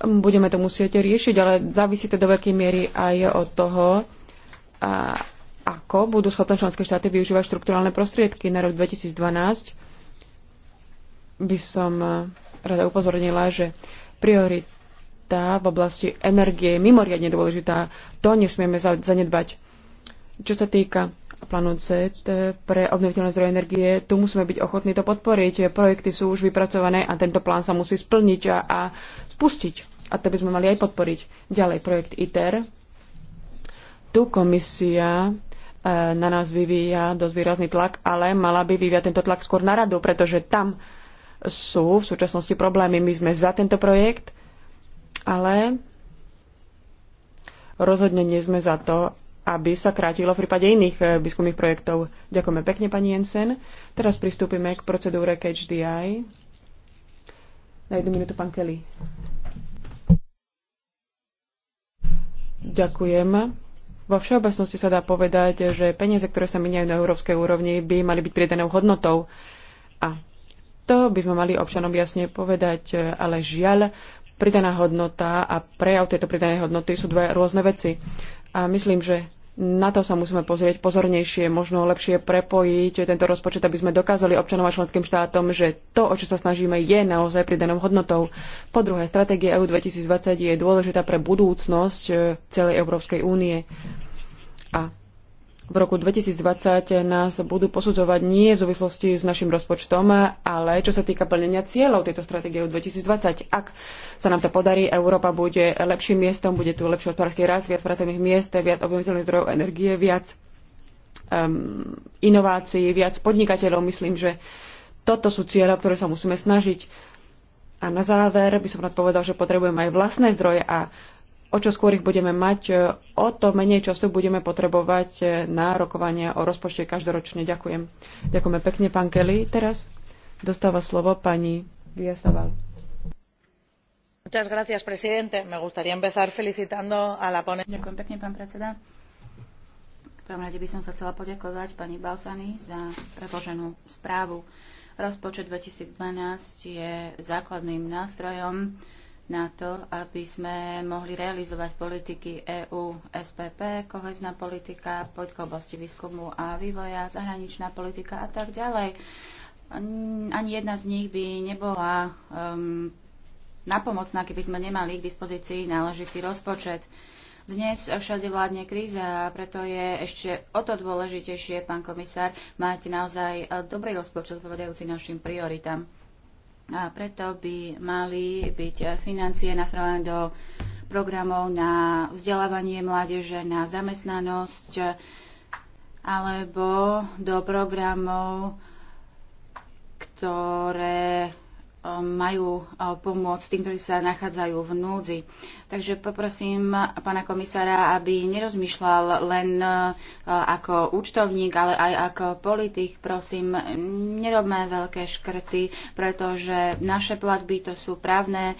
Budeme to musieť riešiť, ale závisí to do veľkej miery aj od toho, a ako budú schopné členské štáty využívať štrukturálne prostriedky na rok 2012. By som e, rada upozornila, že priorita v oblasti energie je mimoriadne dôležitá. To nesmieme zanedbať. Čo sa týka plánu Z e, pre obnoviteľné zdroje energie, tu musíme byť ochotní to podporiť. Projekty sú už vypracované a tento plán sa musí splniť a, a spustiť. A to by sme mali aj podporiť. Ďalej projekt ITER. Tu komisia e, na nás vyvíja dosť výrazný tlak, ale mala by vyvíjať tento tlak skôr na radu, pretože tam sú v súčasnosti problémy. My sme za tento projekt, ale rozhodne nie sme za to, aby sa krátilo v prípade iných výskumných eh, projektov. Ďakujeme pekne, pani Jensen. Teraz pristúpime k procedúre KDI. Na jednu minútu, pán Kelly. Ďakujem. Vo všeobecnosti sa dá povedať, že peniaze, ktoré sa miniajú na európskej úrovni, by mali byť pridanou hodnotou. A to by sme mali občanom jasne povedať, eh, ale žiaľ, pridaná hodnota a prejav tejto pridanej hodnoty sú dve rôzne veci. A myslím, že na to sa musíme pozrieť pozornejšie, možno lepšie prepojiť tento rozpočet, aby sme dokázali občanom a členským štátom, že to, o čo sa snažíme, je naozaj pridanou hodnotou. Po druhé, stratégia EU 2020 je dôležitá pre budúcnosť eh, celej Európskej únie. A v roku 2020 nás budú posudzovať nie v súvislosti s našim rozpočtom, ale čo sa týka plnenia cieľov tejto stratégie 2020. Ak sa nám to podarí, Európa bude lepším miestom, bude tu lepší hospodársky rast, viac pracovných miest, viac obnoviteľných zdrojov energie, viac um, inovácií, viac podnikateľov. Myslím, že toto sú cieľa, ktoré sa musíme snažiť. A na záver by som rád povedal, že potrebujeme aj vlastné zdroje a o čo skôr ich budeme mať, e, o to menej času budeme potrebovať e, na rokovanie o rozpočte každoročne. Ďakujem. Ďakujeme pekne, pán Kelly. Teraz dostáva slovo pani Viasaval. Ďakujem pekne, pán predseda. V prvom rade by som sa chcela poďakovať pani Balsani za predloženú správu. Rozpočet 2012 je základným nástrojom na to, aby sme mohli realizovať politiky EU SPP, kohezná politika, poďka oblasti výskumu a vývoja, zahraničná politika a tak ďalej. Ani jedna z nich by nebola um, napomocná, keby sme nemali k dispozícii náležitý rozpočet. Dnes všade vládne kríza a preto je ešte o to dôležitejšie, pán komisár, mať naozaj uh, dobrý rozpočet povedajúci našim prioritám. A preto by mali byť financie nasmerované do programov na vzdelávanie mládeže, na zamestnanosť alebo do programov, ktoré majú pomôcť tým, ktorí sa nachádzajú v núdzi. Takže poprosím pána komisára, aby nerozmýšľal len ako účtovník, ale aj ako politik. Prosím, nerobme veľké škrty, pretože naše platby to sú právne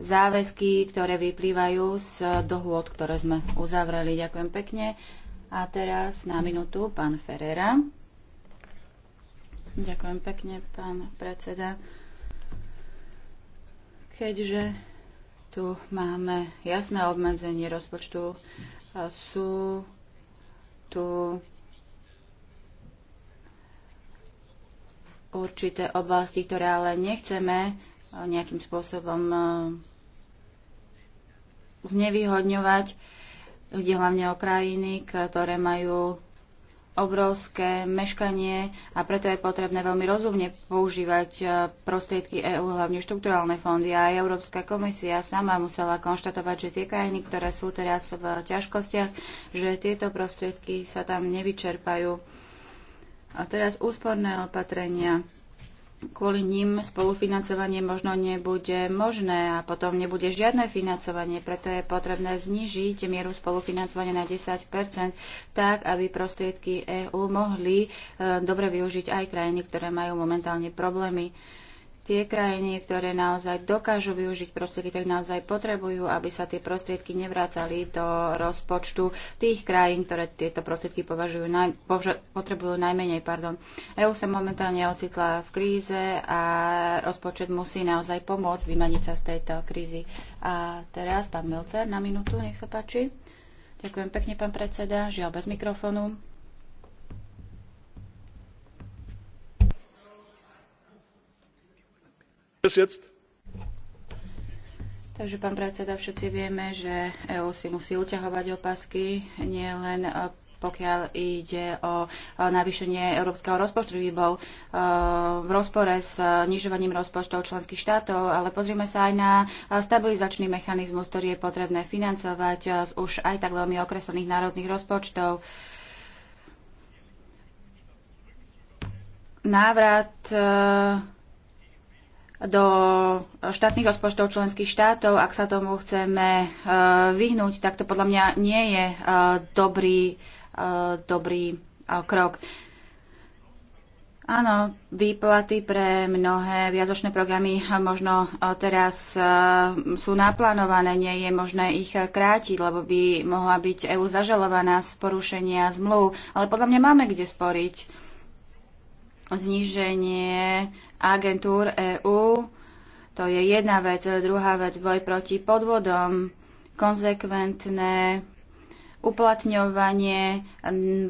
záväzky, ktoré vyplývajú z dohôd, ktoré sme uzavreli. Ďakujem pekne. A teraz na minútu pán Ferrera. Ďakujem pekne, pán predseda. Keďže tu máme jasné obmedzenie rozpočtu, sú tu určité oblasti, ktoré ale nechceme nejakým spôsobom e, znevýhodňovať. kde hlavne o krajiny, ktoré majú obrovské meškanie a preto je potrebné veľmi rozumne používať e, prostriedky EÚ, hlavne štrukturálne fondy. A Európska komisia sama musela konštatovať, že tie krajiny, ktoré sú teraz v ťažkostiach, že tieto prostriedky sa tam nevyčerpajú. A teraz úsporné opatrenia kvôli ním spolufinancovanie možno nebude možné a potom nebude žiadne financovanie, preto je potrebné znižiť mieru spolufinancovania na 10 tak aby prostriedky EÚ mohli e, dobre využiť aj krajiny, ktoré majú momentálne problémy tie krajiny, ktoré naozaj dokážu využiť prostriedky, tak naozaj potrebujú, aby sa tie prostriedky nevrácali do rozpočtu tých krajín, ktoré tieto prostriedky považujú naj, potrebujú najmenej. Pardon. EU sa momentálne ocitla v kríze a rozpočet musí naozaj pomôcť vymaniť sa z tejto krízy. A teraz pán Milcer na minútu, nech sa páči. Ďakujem pekne, pán predseda. Žiaľ bez mikrofónu. Takže, pán predseda, všetci vieme, že EÚ si musí uťahovať opasky, nielen e, pokiaľ ide o e, navýšenie európskeho rozpočtu, ktorý bol e, v rozpore s nižovaním rozpočtov členských štátov, ale pozrieme sa aj na stabilizačný mechanizmus, ktorý je potrebné financovať z už aj tak veľmi okreslených národných rozpočtov. Návrat do štátnych rozpočtov členských štátov, ak sa tomu chceme e, vyhnúť, tak to podľa mňa nie je e, dobrý, e, dobrý krok. Áno, výplaty pre mnohé viazočné programy možno teraz sú naplánované, nie je možné ich krátiť, lebo by mohla byť EU zažalovaná z porušenia zmluv. Ale podľa mňa máme kde sporiť. Zníženie agentúr EÚ. To je jedna vec. Druhá vec, boj proti podvodom, konzekventné uplatňovanie,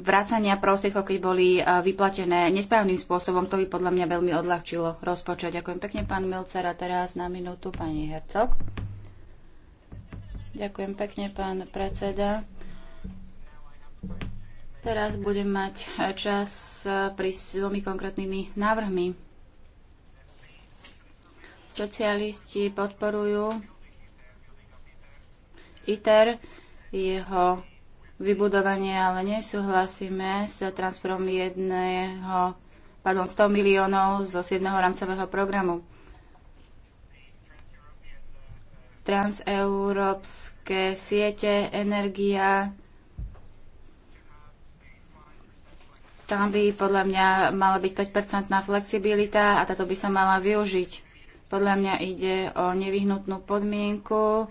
vracania prostriedkov, keď boli e, vyplatené nesprávnym spôsobom. To by podľa mňa veľmi odľahčilo rozpočet. Ďakujem pekne, pán Milcer. A teraz na minútu pani Hercog. Ďakujem pekne, pán predseda. Teraz budem mať e, čas e, prísť s dvomi konkrétnymi návrhmi. Socialisti podporujú ITER, jeho vybudovanie, ale nesúhlasíme s transferom jedného, pardon, 100 miliónov zo 7. rámcového programu. Transeurópske siete, energia, tam by podľa mňa mala byť 5-percentná flexibilita a táto by sa mala využiť podľa mňa ide o nevyhnutnú podmienku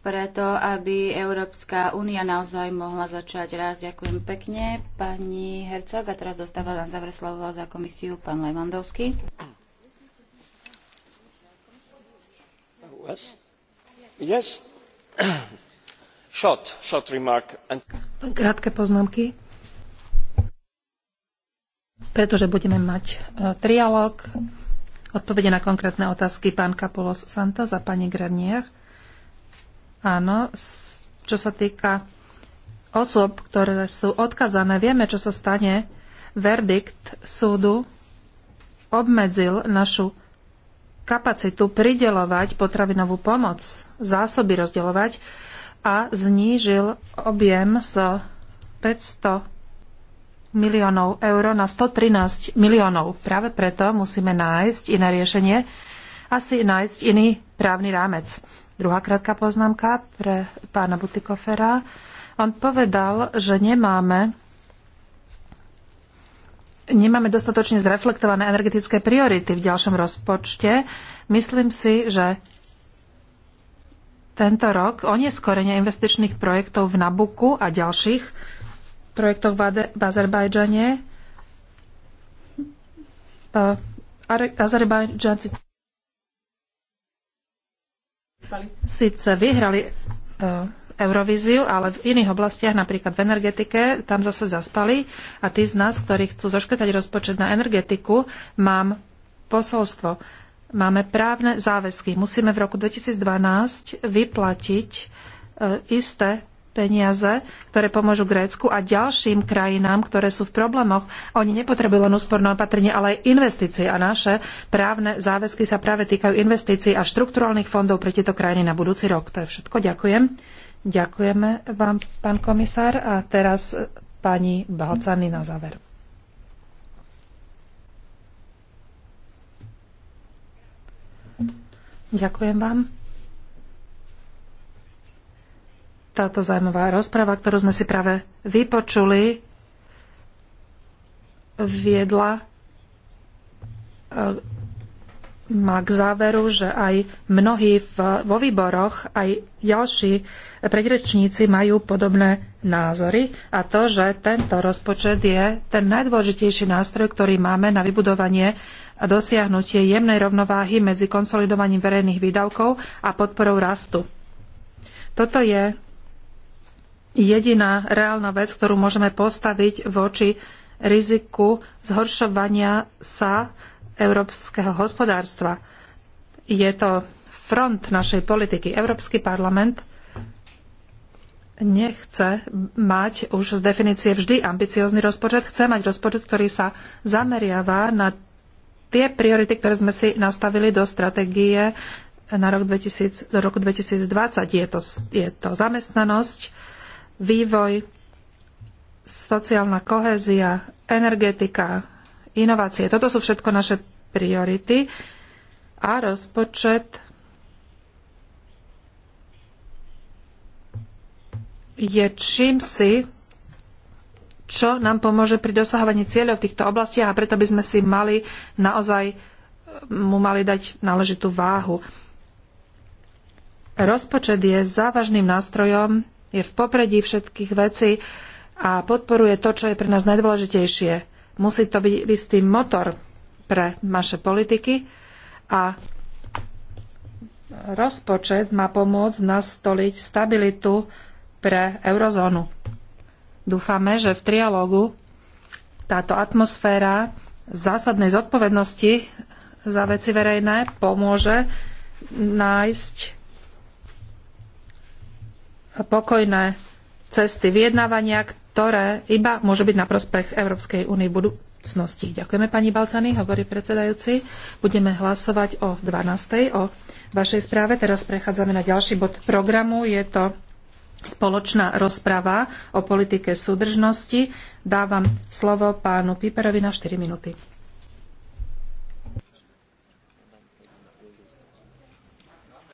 preto, aby Európska únia naozaj mohla začať raz. Ďakujem pekne. Pani Hercog, a teraz dostáva na záver slovo za komisiu pán Levandovský. Yes. Yes. Short, short remark. And... Krátke poznámky pretože budeme mať e, trialog odpovede na konkrétne otázky pán Kapolos Santos a pani Granier. Áno, čo sa týka osôb, ktoré sú odkazané, vieme, čo sa stane. Verdikt súdu obmedzil našu kapacitu pridelovať potravinovú pomoc, zásoby rozdeľovať a znížil objem z 500 miliónov eur na 113 miliónov. Práve preto musíme nájsť iné riešenie, asi nájsť iný právny rámec. Druhá krátka poznámka pre pána Butikofera. On povedal, že nemáme nemáme dostatočne zreflektované energetické priority v ďalšom rozpočte. Myslím si, že tento rok o neskorenie investičných projektov v Nabuku a ďalších projektoch v Azerbajdžane. Azerbajdžanci síce vyhrali e, Eurovíziu, ale v iných oblastiach, napríklad v energetike, tam zase zaspali. A tí z nás, ktorí chcú zoškrtať rozpočet na energetiku, mám posolstvo. Máme právne záväzky. Musíme v roku 2012 vyplatiť e, isté peniaze, ktoré pomôžu Grécku a ďalším krajinám, ktoré sú v problémoch. Oni nepotrebujú len úsporné opatrenie, ale aj investície. A naše právne záväzky sa práve týkajú investícií a štrukturálnych fondov pre tieto krajiny na budúci rok. To je všetko. Ďakujem. Ďakujeme vám, pán komisár. A teraz eh, pani Balcany na záver. Ďakujem vám. táto zaujímavá rozpráva, ktorú sme si práve vypočuli, viedla e, ma k záveru, že aj mnohí v, vo výboroch, aj ďalší predrečníci majú podobné názory a to, že tento rozpočet je ten najdôležitejší nástroj, ktorý máme na vybudovanie a dosiahnutie jemnej rovnováhy medzi konsolidovaním verejných výdavkov a podporou rastu. Toto je jediná reálna vec, ktorú môžeme postaviť voči riziku zhoršovania sa európskeho hospodárstva. Je to front našej politiky. Európsky parlament nechce mať už z definície vždy ambiciózny rozpočet. Chce mať rozpočet, ktorý sa zameriava na tie priority, ktoré sme si nastavili do stratégie na rok 2000, do roku 2020. Je to, je to zamestnanosť, vývoj, sociálna kohézia, energetika, inovácie. Toto sú všetko naše priority a rozpočet je čím si, čo nám pomôže pri dosahovaní cieľov v týchto oblastiach a preto by sme si mali naozaj mu mali dať náležitú váhu. Rozpočet je závažným nástrojom je v popredí všetkých vecí a podporuje to, čo je pre nás najdôležitejšie. Musí to byť istý motor pre naše politiky a rozpočet má pomôcť nastoliť stabilitu pre eurozónu. Dúfame, že v trialógu táto atmosféra zásadnej zodpovednosti za veci verejné pomôže nájsť pokojné cesty vyjednávania, ktoré iba môžu byť na prospech Európskej únie v budúcnosti. Ďakujeme pani Balcany, hovorí predsedajúci. Budeme hlasovať o 12. o vašej správe. Teraz prechádzame na ďalší bod programu. Je to spoločná rozprava o politike súdržnosti. Dávam slovo pánu Piperovi na 4 minúty.